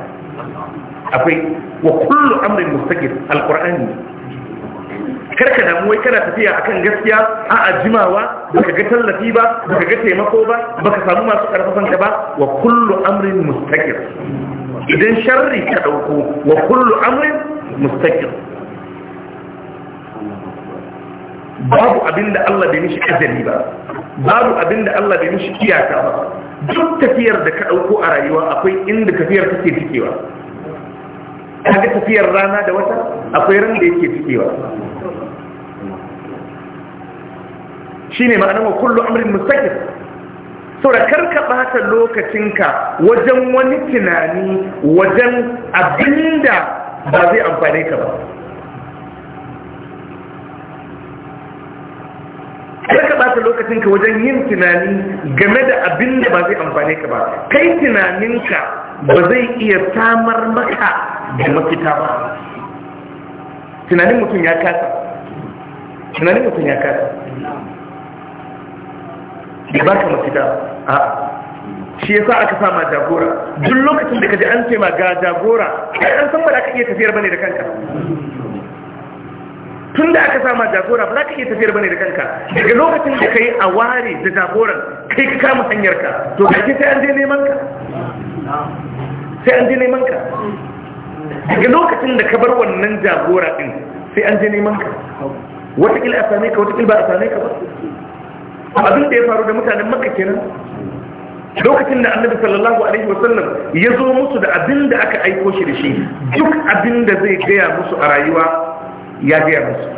akwai wa kullu amrin mustaqir alqur'ani karka damu wai kana tafiya akan gaskiya a ajimawa baka ga tallafi ba baka ga taimako ba baka samu masu ƙarfafan ka ba wa kullu amrin mustaqir idan sharri ka ɗauko wa kullu amrin mustaqim babu abinda Allah bai mishi azali ba babu abinda Allah bai mishi iyaka ba duk tafiyar da ka ɗauko a rayuwa akwai inda tafiyar take cikewa kaga tafiyar rana da wata akwai ran da yake cikewa shine ma'anar wa kullu amrin mustaqim saboda karka ɓata lokacinka wajen wani tunani wajen abinda ba zai amfane ka ba karka ɓata lokacinka wajen yin tunani game da abinda ba zai amfane ka ba kai tunaninka ba zai iya samar maka da mafita ba tunanin mutum ya kasa tunanin mutum ya kasa ya baka mafita a shi ya sa aka sa ma jagora duk lokacin da kaji an ce ma ga jagora kai an san ba za ka iya tafiyar bane da kanka tun da aka sa ma jagora ba za ka iya tafiyar bane da kanka daga lokacin da kai a ware da jagoran kai ka kama hanyar ka to ji sai an je neman ka sai an je neman ka daga lokacin da ka bar wannan jagora din sai an je neman ka wata kila a same ka wata kila ba a same ka ba abin da ya faru da mutanen makka kenan lokacin da annabi sallallahu alaihi wasallam ya zo musu da abin da aka aiko shi da shi duk abin da zai gaya musu a rayuwa ya gaya musu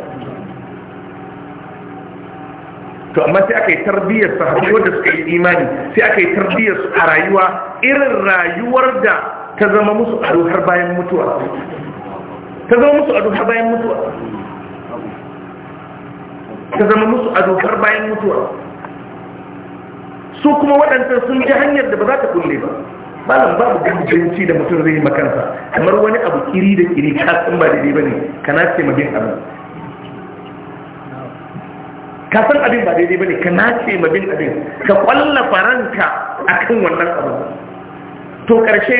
to amma sai aka yi tarbiyyar sahabbai wanda suka yi imani sai aka yi tarbiyyar su a rayuwa irin rayuwar da ta zama musu ado har bayan mutuwa ta zama musu ado har bayan mutuwa ta zama musu ado har bayan mutuwa su kuma waɗanda sun ji hanyar da ba za ta kulle ba malam babu ganganci da mutum zai makansa kamar wani abu kiri da kiri ka san ba daidai bane kana ce mabin abin ka san abin ba daidai bane kana ce mabin abin ka kwalla faranka akan wannan abu to karshe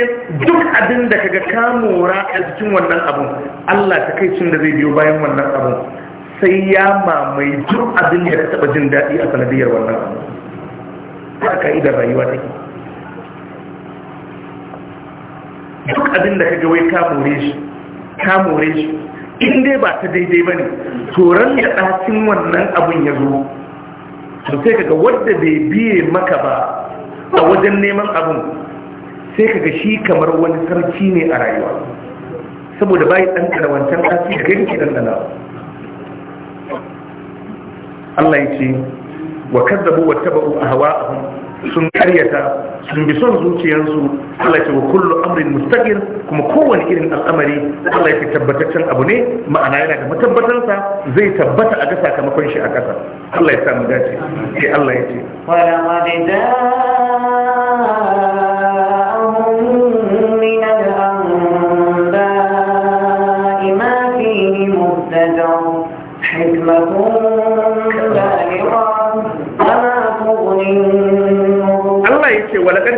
duk abin da kaga ka mora a cikin wannan abun Allah ta kai cin da zai biyo bayan wannan abun sai ya mamaye duk abin da ka taba jin daɗi a sanadiyar wannan abu ta ka'idar rayuwa take duk abin da kaga wai ka more shi ka more shi in dai ba ta daidai ba ne turan da ɗacin wannan abin ya zo to sai kaga wadda bai biye maka ba a wajen neman abin sai kaga shi kamar wani sarki ne a rayuwa saboda bayi ɗanɗana wancan ɗaci da gani ke Allah ya ce wa kadzabu wa tabu ahwa'ahum sun karyata sun bi son zuciyarsu Allah ce wa kullu amrin mustaqir kuma kowane irin al'amari Allah ya tabbataccen abu ne ma'ana yana da matabbatarsa zai tabbata a ga sakamakon shi a ƙasa Allah ya sa mu dace sai Allah ya ce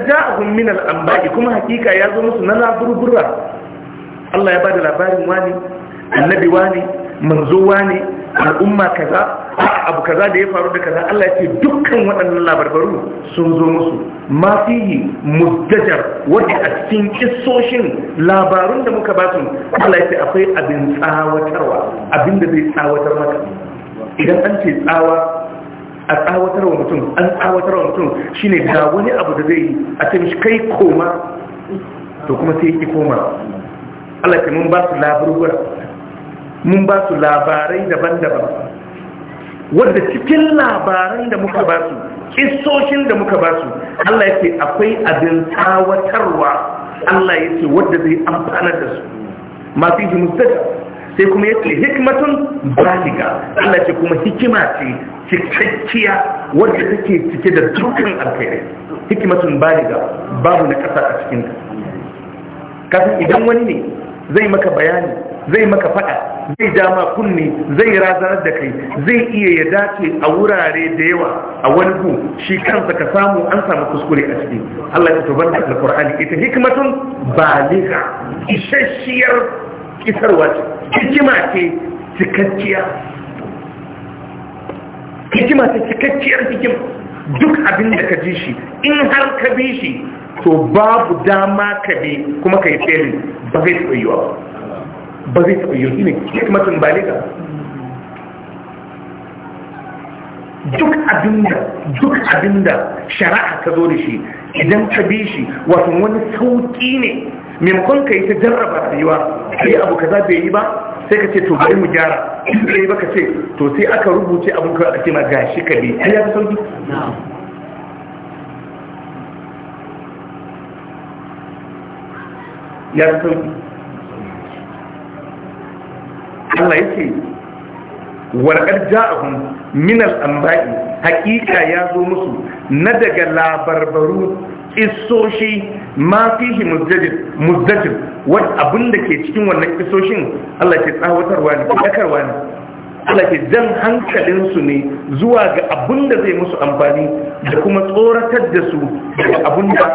ja'ahum min al-anba'i kuma hakika ya zo musu na laburbura Allah ya bada labarin wani annabi wani manzo wani al'umma kaza abu kaza da ya faru da kaza Allah ya ce dukkan waɗannan labarbaru sun zo musu ma fihi muddajar wadda a cikin kissoshin labarun da muka basu Allah ya ce akwai abin tsawatarwa abin da zai tsawatar maka idan an ce tsawa a wa mutum an tsawatarwa mutum shine ga wani abu da zai yi a ce mishi kai koma to kuma sai yake koma Allah ta mun ba su labarugura mun ba su labarai daban-daban wadda cikin labaran da muka ba su kisoshin da muka ba su Allah ya akwai abin tsawatarwa Allah ya wadda zai amfana da su masu yi mustada sai kuma yace hikmatun baliga Allah ce kuma hikima ce cikakkiya wanda take cike da dukkan alkhairi hikmatun baliga babu na kasa a cikin ka kafin idan wani ne zai maka bayani zai maka fada zai dama kunne zai razanar da kai zai iya ya dace a wurare da yawa a wani ku shi kansa ka samu an samu kuskure a ciki Allah ya tabbata da alkur'ani ita hikmatun baliga isasshiyar kisarwa ce hikima ce cikakkiya hikima ce cikakkiyar hikima duk abin da ka ji shi in har ka bi shi to babu dama ka bi kuma ka yi tsayin ba zai taɓa yiwa ba zai taɓa yiwa ne hikimatin baliga duk abinda duk abinda shari'a ka zo da shi idan ka bi shi wasu wani sauƙi ne maimakon ka yi ta jarraba rayuwa ka yi abu kaza bai yi ba sai ka ce to bari mu gyara in bai yi ba ka ce to sai aka rubuce abin ka ake ma gashi ka bi ai ya fi sauki ya fi sauki Allah yake warkar ja'ahum min al-anba'i ya zo musu na daga labarbaru isoshi ma fihi muzdajir wani abin da ke cikin wannan isoshin Allah ke tsawatarwa ne ɗakarwa ne Allah ke jan hankalinsu ne zuwa ga abin da zai musu amfani da kuma tsoratar da su da abin da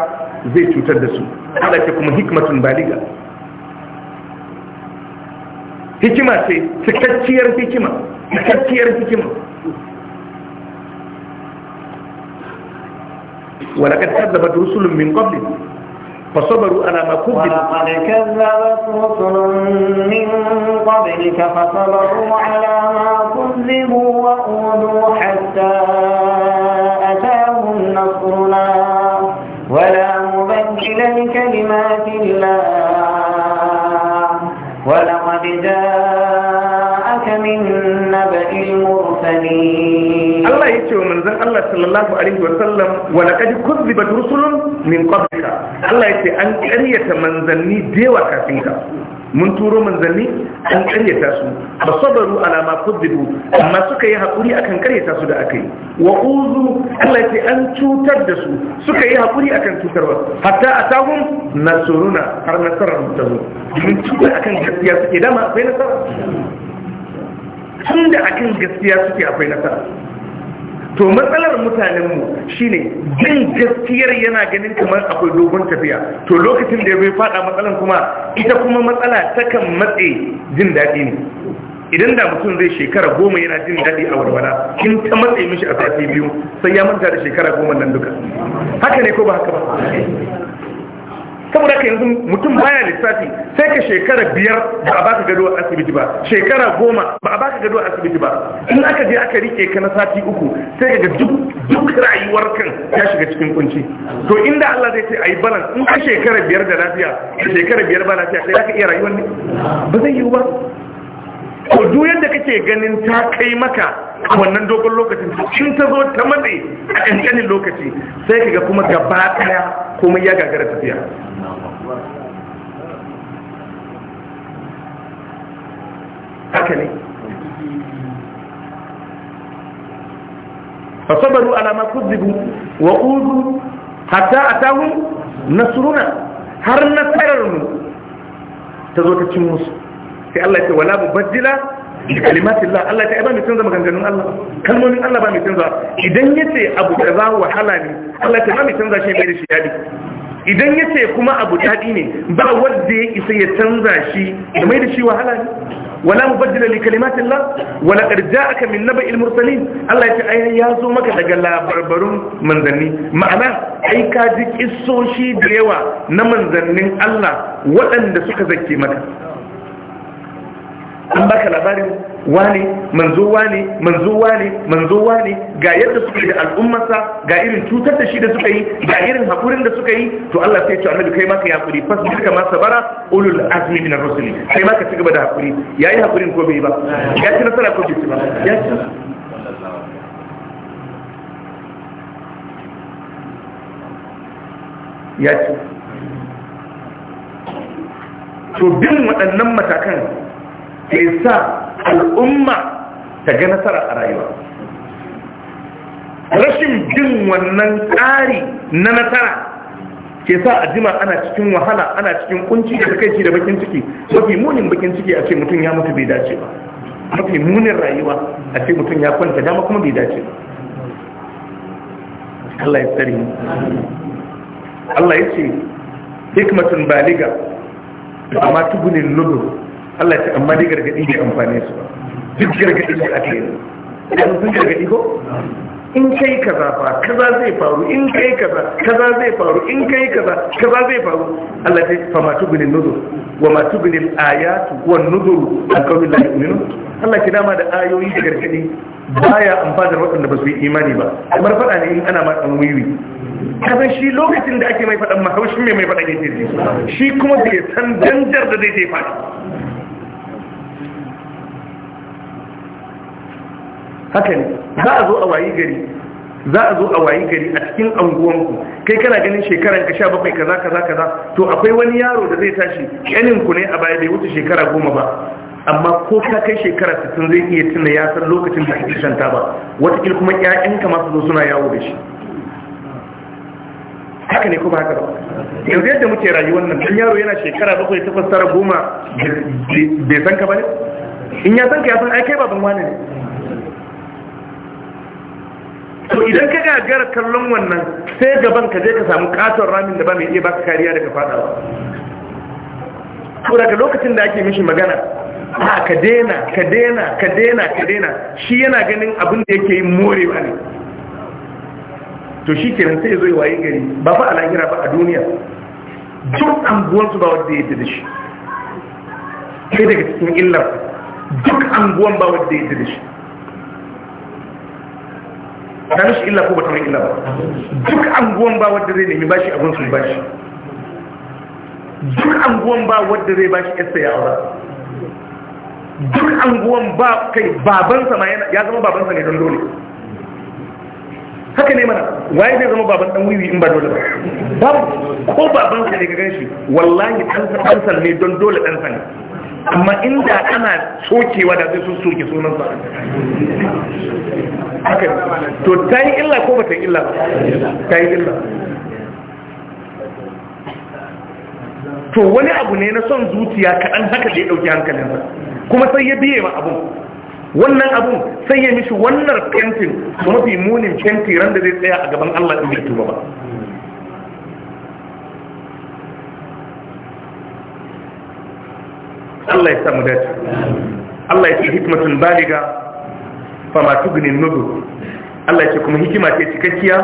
zai cutar da su Allah ke kuma hikmatun baliga hikima ce cikakkiyar hikima cikakkiyar hikima ولقد كذبت رسل من قبل فصبروا على ما كذبوا ولقد كذبت رسل من قبلك فصبروا على ما كذبوا وأودوا حتى أتاهم نصرنا ولا مبدل لكلمات الله Allah sallallahu alaihi wasallam wa laqad kuzzibat rusulun min qablika Allah yace an ƙaryata manzanni dewa kafin ka mun turo manzanni an ƙaryata su ba sabaru ala ma kuzzibu amma suka yi hakuri akan ƙaryata su da akai wa uzu Allah yace an cutar da su suka yi hakuri akan cutarwa hatta atahum nasruna har nasarar mutazu mun cutar akan gaskiya suke dama akwai nasara tun da akan gaskiya suke akwai nasara to matsalar mutanenmu shine jin gaskiyar yana ganin kamar akwai dogon tafiya to lokacin da ya bai fada matsalan kuma ita kuma matsala takan matse jin daɗi ne idan da mutum zai shekara goma yana jin daɗi a warwara kin ta matse mishi a sati biyu sai ya manta da shekara goma nan duka haka ne ko ba haka ba saboda ka yanzu mutum baya lissafi sai ka shekara biyar ba a baka gado a asibiti ba shekara goma ba a baka gado a asibiti ba in aka je aka rike ka na sati uku sai ka ga duk rayuwar kan ya shiga cikin kunci to inda Allah zai ce ayi balance in ka shekara biyar da lafiya shekara biyar ba lafiya sai ka iya rayuwar ne ba zai yiwu ba ko duk yadda kake ganin ta kai maka a wannan dogon lokacin in ta zo ta matse a ƙanƙanin lokaci sai ka ga kuma gaba ɗaya kuma ya gagara tafiya haka ne A sabaru alama kuzibu wa uzu hatta a tahun nasuruna har nasararmu ta zo ta cin musu sai Allah ya ce wala mubaddila li kalimatillah Allah ta ba mai canza maganganun Allah kalmomin Allah ba mai canza idan yace abu kaza wahala ne Allah ta ba mai canza shi mai da shi dadi idan yace kuma abu dadi ne ba wanda ya isa ya canza shi da mai da shi wahala ne wala mubaddila li kalimatillah wala qad ja'aka min naba'il mursalin Allah ya ce ai ya zo maka daga labarbarun manzanni ma'ana ai ka ji kissoshi da yawa na manzannin Allah waɗanda suka zakke maka an baka labarin wane manzo wane manzo wane manzo wane ga yadda suka yi da al'ummarsa ga irin cutar da shi da suka yi ga irin hakurin da suka yi to Allah sai ya ce annabi kai ma ka yi hakuri fas duka ma sabara ulul azmi min ar-rusul kai ma ka ci gaba da hakuri yayi hakurin ko bai ba ya ci nasara ko bai ci ba ya ci ya ci to bin waɗannan matakan ya sa al'umma ta ga nasara a rayuwa rashin jin wannan tsari na nasara ke sa a jima ana cikin wahala ana cikin kunci da takaici da bakin ciki mafi munin bakin ciki a ce mutum ya mutu bai dace ba mafi munin rayuwa a ce mutum ya kwanta dama kuma bai dace ba Allah ya tsari Allah ya ce hikmatun baliga amma tugunin lubur Allah ya ce amma dai gargadi ne amfane su duk gargadi ne ake yi Idan sun gargadi ko in kai kaza fa kaza zai faru in kai kaza kaza zai faru in kai kaza kaza zai faru Allah ya fa ma tubni nuzur wa ma tubni ayatu wa nuzur an kawai la yu'minu Allah ce dama da ayoyi da gargadi baya amfana waɗanda ba su yi imani ba kamar faɗa ne in ana ma dan wiwi kaza shi lokacin da ake mai faɗan mahaushin mai mai faɗa yake shi kuma bai san danjar da zai jefa faɗi haka ne za a zo a wayi gari za a zo a wayi gari a cikin anguwanku kai kana ganin shekaran ka sha bakwai kaza kaza kaza to akwai wani yaro da zai tashi yanin ku ne a baya bai wuce shekara goma ba amma ko ka kai shekara sittin zai iya tuna ya san lokacin da ake shan wata watakil kuma ma masu zo suna yawo da shi haka ne kuma haka ba yanzu yadda muke rayuwar nan dan yaro yana shekara bakwai takwas tara goma bai san ka ba ne in ya san ka ya san ai kai baban wani ne to idan ka gara kallon wannan sai gaban ka je ka samu katon ramin da ba mai iya baka kariya daga fadawa Ko daga lokacin da ake mishi magana a ka dena ka dena ka dena ka dena shi yana ganin abin da yake yin morewa ne to shi kenan sai zai waye gari ba fa alahira ba a duniya duk anguwansu ba wadda ya da shi sai daga cikin illar duk anguwan ba wadda ya da shi ta mishi illa ko ba ta mai illa ba duk anguwan ba wadda zai nemi bashi abin su bashi duk anguwan ba wadda zai bashi yasta ya aura duk anguwan ba kai babansa ma ya zama babansa ne don dole haka ne mana waye zai zama baban dan wiwi in ba dole ba ko babansa ne ka ganshi wallahi dan san ne don dole dan san ne amma inda ana sokewa da zai sun soke sunan sa haka to ta yi illa ko ba ta yi illa ba ta yi illa to wani abu ne na son zuciya kaɗan haka da ya ɗauki hankalinsa kuma sai ya biye ma abun wannan abun sai ya mishi wannan fentin mafi munin fenti ran da zai tsaya a gaban Allah in da tuba ba Allah ya samu dace Allah ya ce hikmatun baliga fama tugnin nudu Allah ya ce kuma hikima ce cikakkiya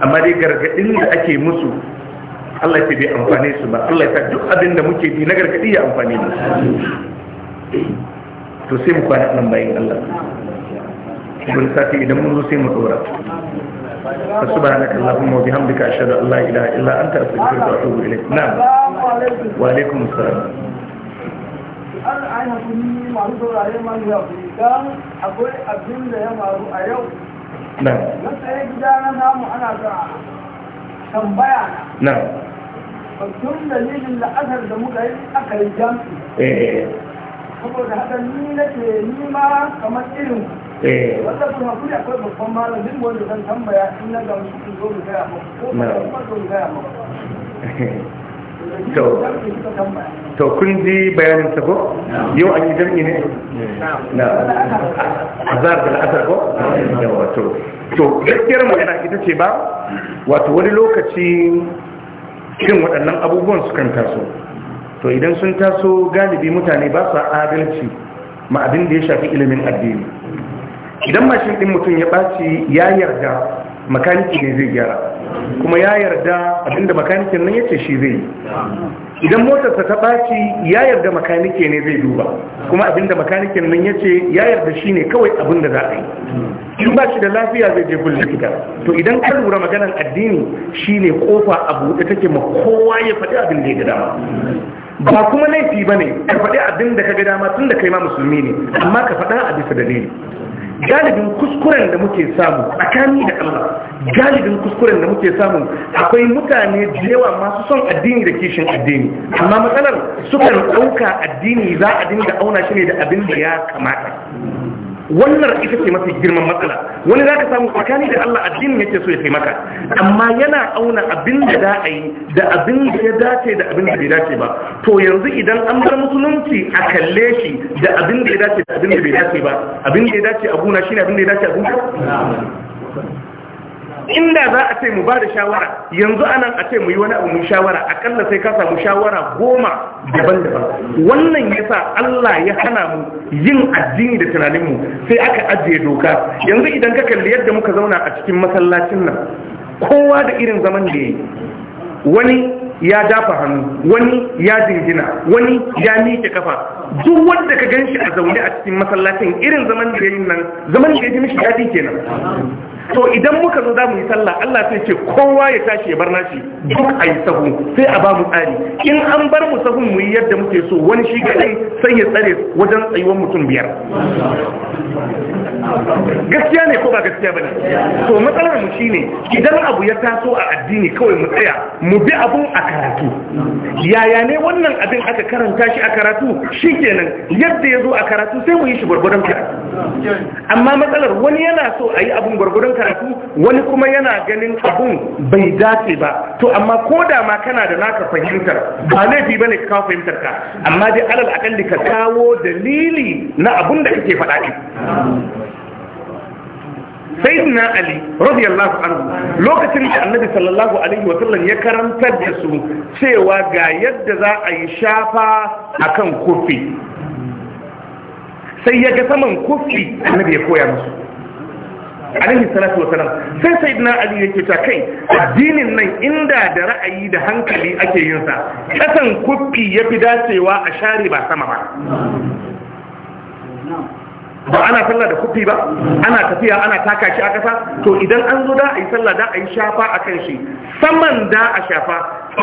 amma dai gargadin da ake musu Allah ya ce bai amfane su ba Allah ya sa duk abin da muke bi na gargadi ya amfane mu to sai mu kwana nan bayan Allah kun sati idan mun zo sai mu dora فسبحانك اللهم وبحمدك أشهد أن لا إله إلا أنت أستغفرك وأتوب إليك نعم وعليكم السلام ana sun masu saurare man yau don akwai abin da ya faru a yau na tsaye gida na samu ana sa tambaya na tun dalilin la'asar da muka yi aka yi jamfi eh. saboda haka ni nake nima kamar irin eh. wanda kuma kuri akwai babban malam duk wanda zan tambaya in na gamsu in zo mu gaya maka ko kuma zo mu gaya maka to kun ji bayanin ta ko yau an gidan ne na azar da la'asar ko wato to gaskiyar yana ita ce ba wato wani lokaci irin waɗannan abubuwan su kan taso to idan sun taso galibi mutane ba su adalci ma abin da ya shafi ilimin addini idan mashin ɗin mutum ya ɓaci ya yarda makaniki ne zai gyara kuma ya yarda abinda makanikin nan yace shi zai idan motarsa ta baci ya yarda makanike ne zai duba kuma abinda makanikin nan yace ya yarda shi ne kawai abinda za a yi in ba shi da lafiya zai je bulle likita to idan ka lura maganar addini shi ne kofa a buɗe take ma kowa ya faɗi abin da ya dama ba kuma laifi ba ne ka faɗi abin da ka ga dama tun da kai ma musulmi ne amma ka faɗa a bisa dalili galibin kuskuren da muke samu tsakani da Allah galibin kuskuren da muke samu akwai mutane da yawa masu son addini da kishin addini amma matsalar sukan ɗauka addini za a dinga auna shi ne da abin da ya kamata wannan ita ce mafi girman matsala wani za ka samu tsakani da Allah addinin yake so ya taimaka amma yana auna abin da za a yi da abin da ya dace da abin da bai dace ba to yanzu idan an bar musulunci a kalle shi da abin da ya dace da abin da bai dace ba abin da ya dace a guna shine abin da ya dace a guna inda za a ce mu ba da shawara yanzu anan a ce mu yi wani abu mu shawara akalla sai ka samu shawara goma daban-daban wannan ya sa Allah ya hana mu yin addini da tunanin mu sai aka ajiye doka yanzu idan ka kalli yadda muka zauna a cikin masallacin nan kowa da irin zaman da yi wani ya dafa hannu wani ya jirgina wani ya miƙe kafa duk wanda ka gan shi a zaune a cikin masallacin irin zaman da yayin nan zaman da ya ji mishi daɗi kenan to idan muka zo za mu yi sallah Allah sai ce kowa ya tashi ya bar nashi duk a yi sahu sai a ba mu tsari in an bar mu sahun mu yi yadda muke so wani shi gaɗin sai ya tsare wajen tsayuwar mutum biyar gaskiya ne ko ba gaskiya ba ne to matsalar mu shine idan abu ya taso a addini kawai mu tsaya mu bi abun a karatu yaya ne wannan abin aka karanta shi a karatu shi kenan yadda ya zo a karatu sai mu yi shi gwargwadon karatu amma matsalar wani yana so a yi abin gwargwadon karatu wani kuma yana ganin abin bai dace ba to amma ko da ma kana da naka fahimtar ba laifi ne ka fahimtar ka amma dai alal akalli ka kawo dalili na abin da kake faɗa sayyidina ali radiyallahu anhu lokacin da annabi sallallahu alaihi wa sallam ya karantar da su cewa ga yadda za a yi shafa akan kufi sai ya ga saman kufi annabi ya koya musu alaihi salatu wa salam sai sayyidina ali yake ta kai addinin nan inda da ra'ayi da hankali ake yin sa kasan kufi yafi dacewa a share ba sama ba ba ana sallah da kufi ba ana tafiya ana taka shi a kasa to idan an zo da a yi sallah da a yi shafa a kan shi saman da a shafa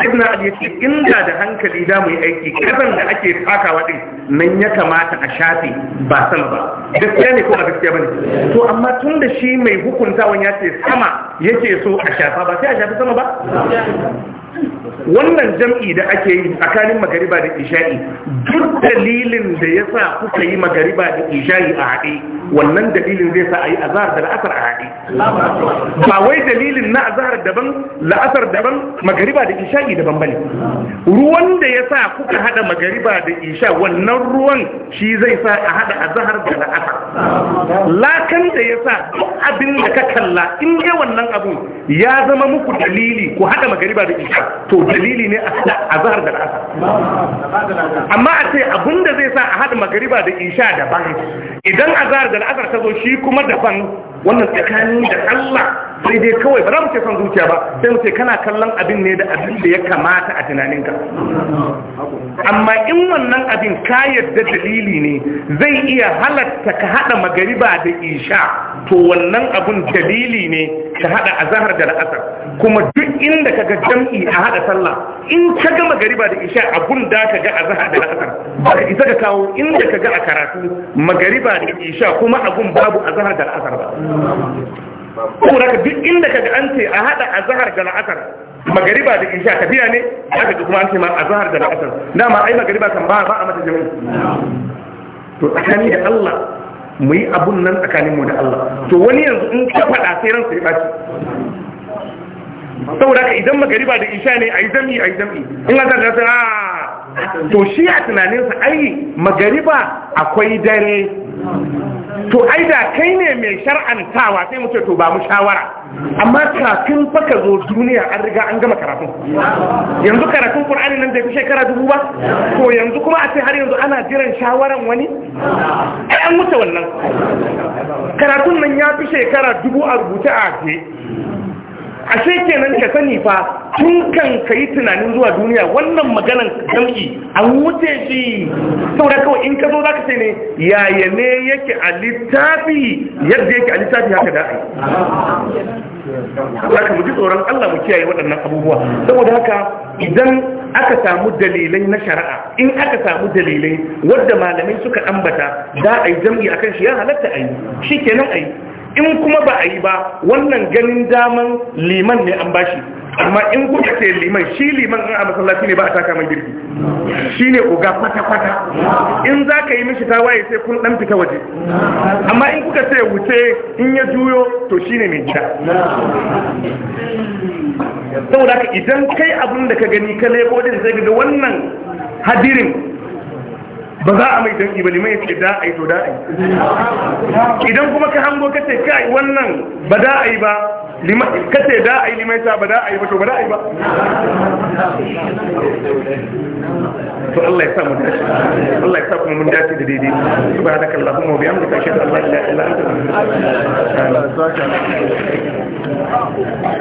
ibn ali yace inda da hankali da mu yi aiki kasan da ake takawa din nan ya kamata a shafe ba sama ba gaskiya ne ko a gaskiya bane to amma tun da shi mai hukuntawan ya ce sama yake so a shafa ba sai a shafi sama ba wannan jam'i da ake yi tsakanin magariba da isha'i duk dalilin da ya sa kuka yi magariba da isha'i a haɗe wannan dalilin zai sa a yi azahar da la'asar a haɗe ba wai dalilin na azahar daban la'asar daban magariba da isha'i daban bane ruwan da ya sa kuka haɗa magariba da isha wannan ruwan shi zai sa a haɗa azahar da la'asar lakan da ya sa duk abin da ka kalla in dai wannan abu ya zama muku dalili ku haɗa magariba da isha to dalili ne a zahar da asar amma a ce abinda zai sa a haɗa magariba da isha daban idan a zahar da asar ta zo shi kuma daban wannan tsakanin da Allah sai dai kawai ba za mu ce son zuciya ba sai mu ce kana kallon abin ne da abin da ya kamata a tunaninka amma in wannan abin ka yadda dalili ne zai iya halatta ka haɗa magariba da isha to wannan abun dalili ne ka haɗa zahar da asar kuma duk inda ka ga jam'i a haɗa sallah in ka ga magariba da isha abun da ka ga a zaha da la'asar ka isa ka kawo inda ka ga a karatu magariba da isha kuma abun babu a zahar da la'asar ba kuma ka duk inda ka ga an ce a haɗa a zahar da la'asar magariba da isha ka biya ne aka ga kuma an ce ma a zahar da la'asar dama ai magariba kan ba a mata jami'i to tsakani da Allah mu yi abun nan tsakaninmu da Allah to wani yanzu in ka faɗa sai ransa ya ɓaci saboda ka idan magariba da isha ne a yi zami a yi zami in an zanga zara to shi a tunaninsa ai magariba akwai dare to ai da kai ne mai shar'antawa sai mu ce to ba mu shawara amma kafin fa ka zo duniya an riga an gama karatun yanzu karatun qur'ani nan da fi shekara dubu ba to yanzu kuma a ce har yanzu ana jiran shawaran wani ai an wuce wannan karatun nan ya fi shekara dubu a rubuce a ce ashe kenan ka sani fa tun kan ka yi tunanin zuwa duniya wannan maganan jam'i an wuce shi saboda kawai in ka zo za ka ce ne yaya ne yake a littafi yadda yake a littafi haka da ai haka mu ji tsoron Allah mu kiyaye waɗannan abubuwa saboda haka idan aka samu dalilai na shari'a in aka samu dalilai wadda malamai suka ambata za a yi jam'i akan shi ya halatta a yi shi kenan a yi in kuma ba a yi ba wannan ganin daman liman ne an bashi amma in kuka ce liman shi liman in a masallaci ne ba a taka mai girki shi ne uga kwata-kwata in za ka yi mishi ta waye sai kun dan fita waje amma in kuka ce wuce in ya juyo to shi ne mai gida saboda idan kai abin da ka gani ka lebo din sai ga wannan hadirin ba za a mai dangi ba liman ya ce da a yi to da a yi idan kuma ka hango kace kai wannan ba da a yi ba ka ce da a yi liman ta ba da a yi ba to ba da a yi ba to Allah ya sa mun dace Allah ya sa kuma mun dace da daidai subhanaka allahumma wa bihamdika ashhadu an la ilaha illa anta astaghfiruka wa atubu ilaik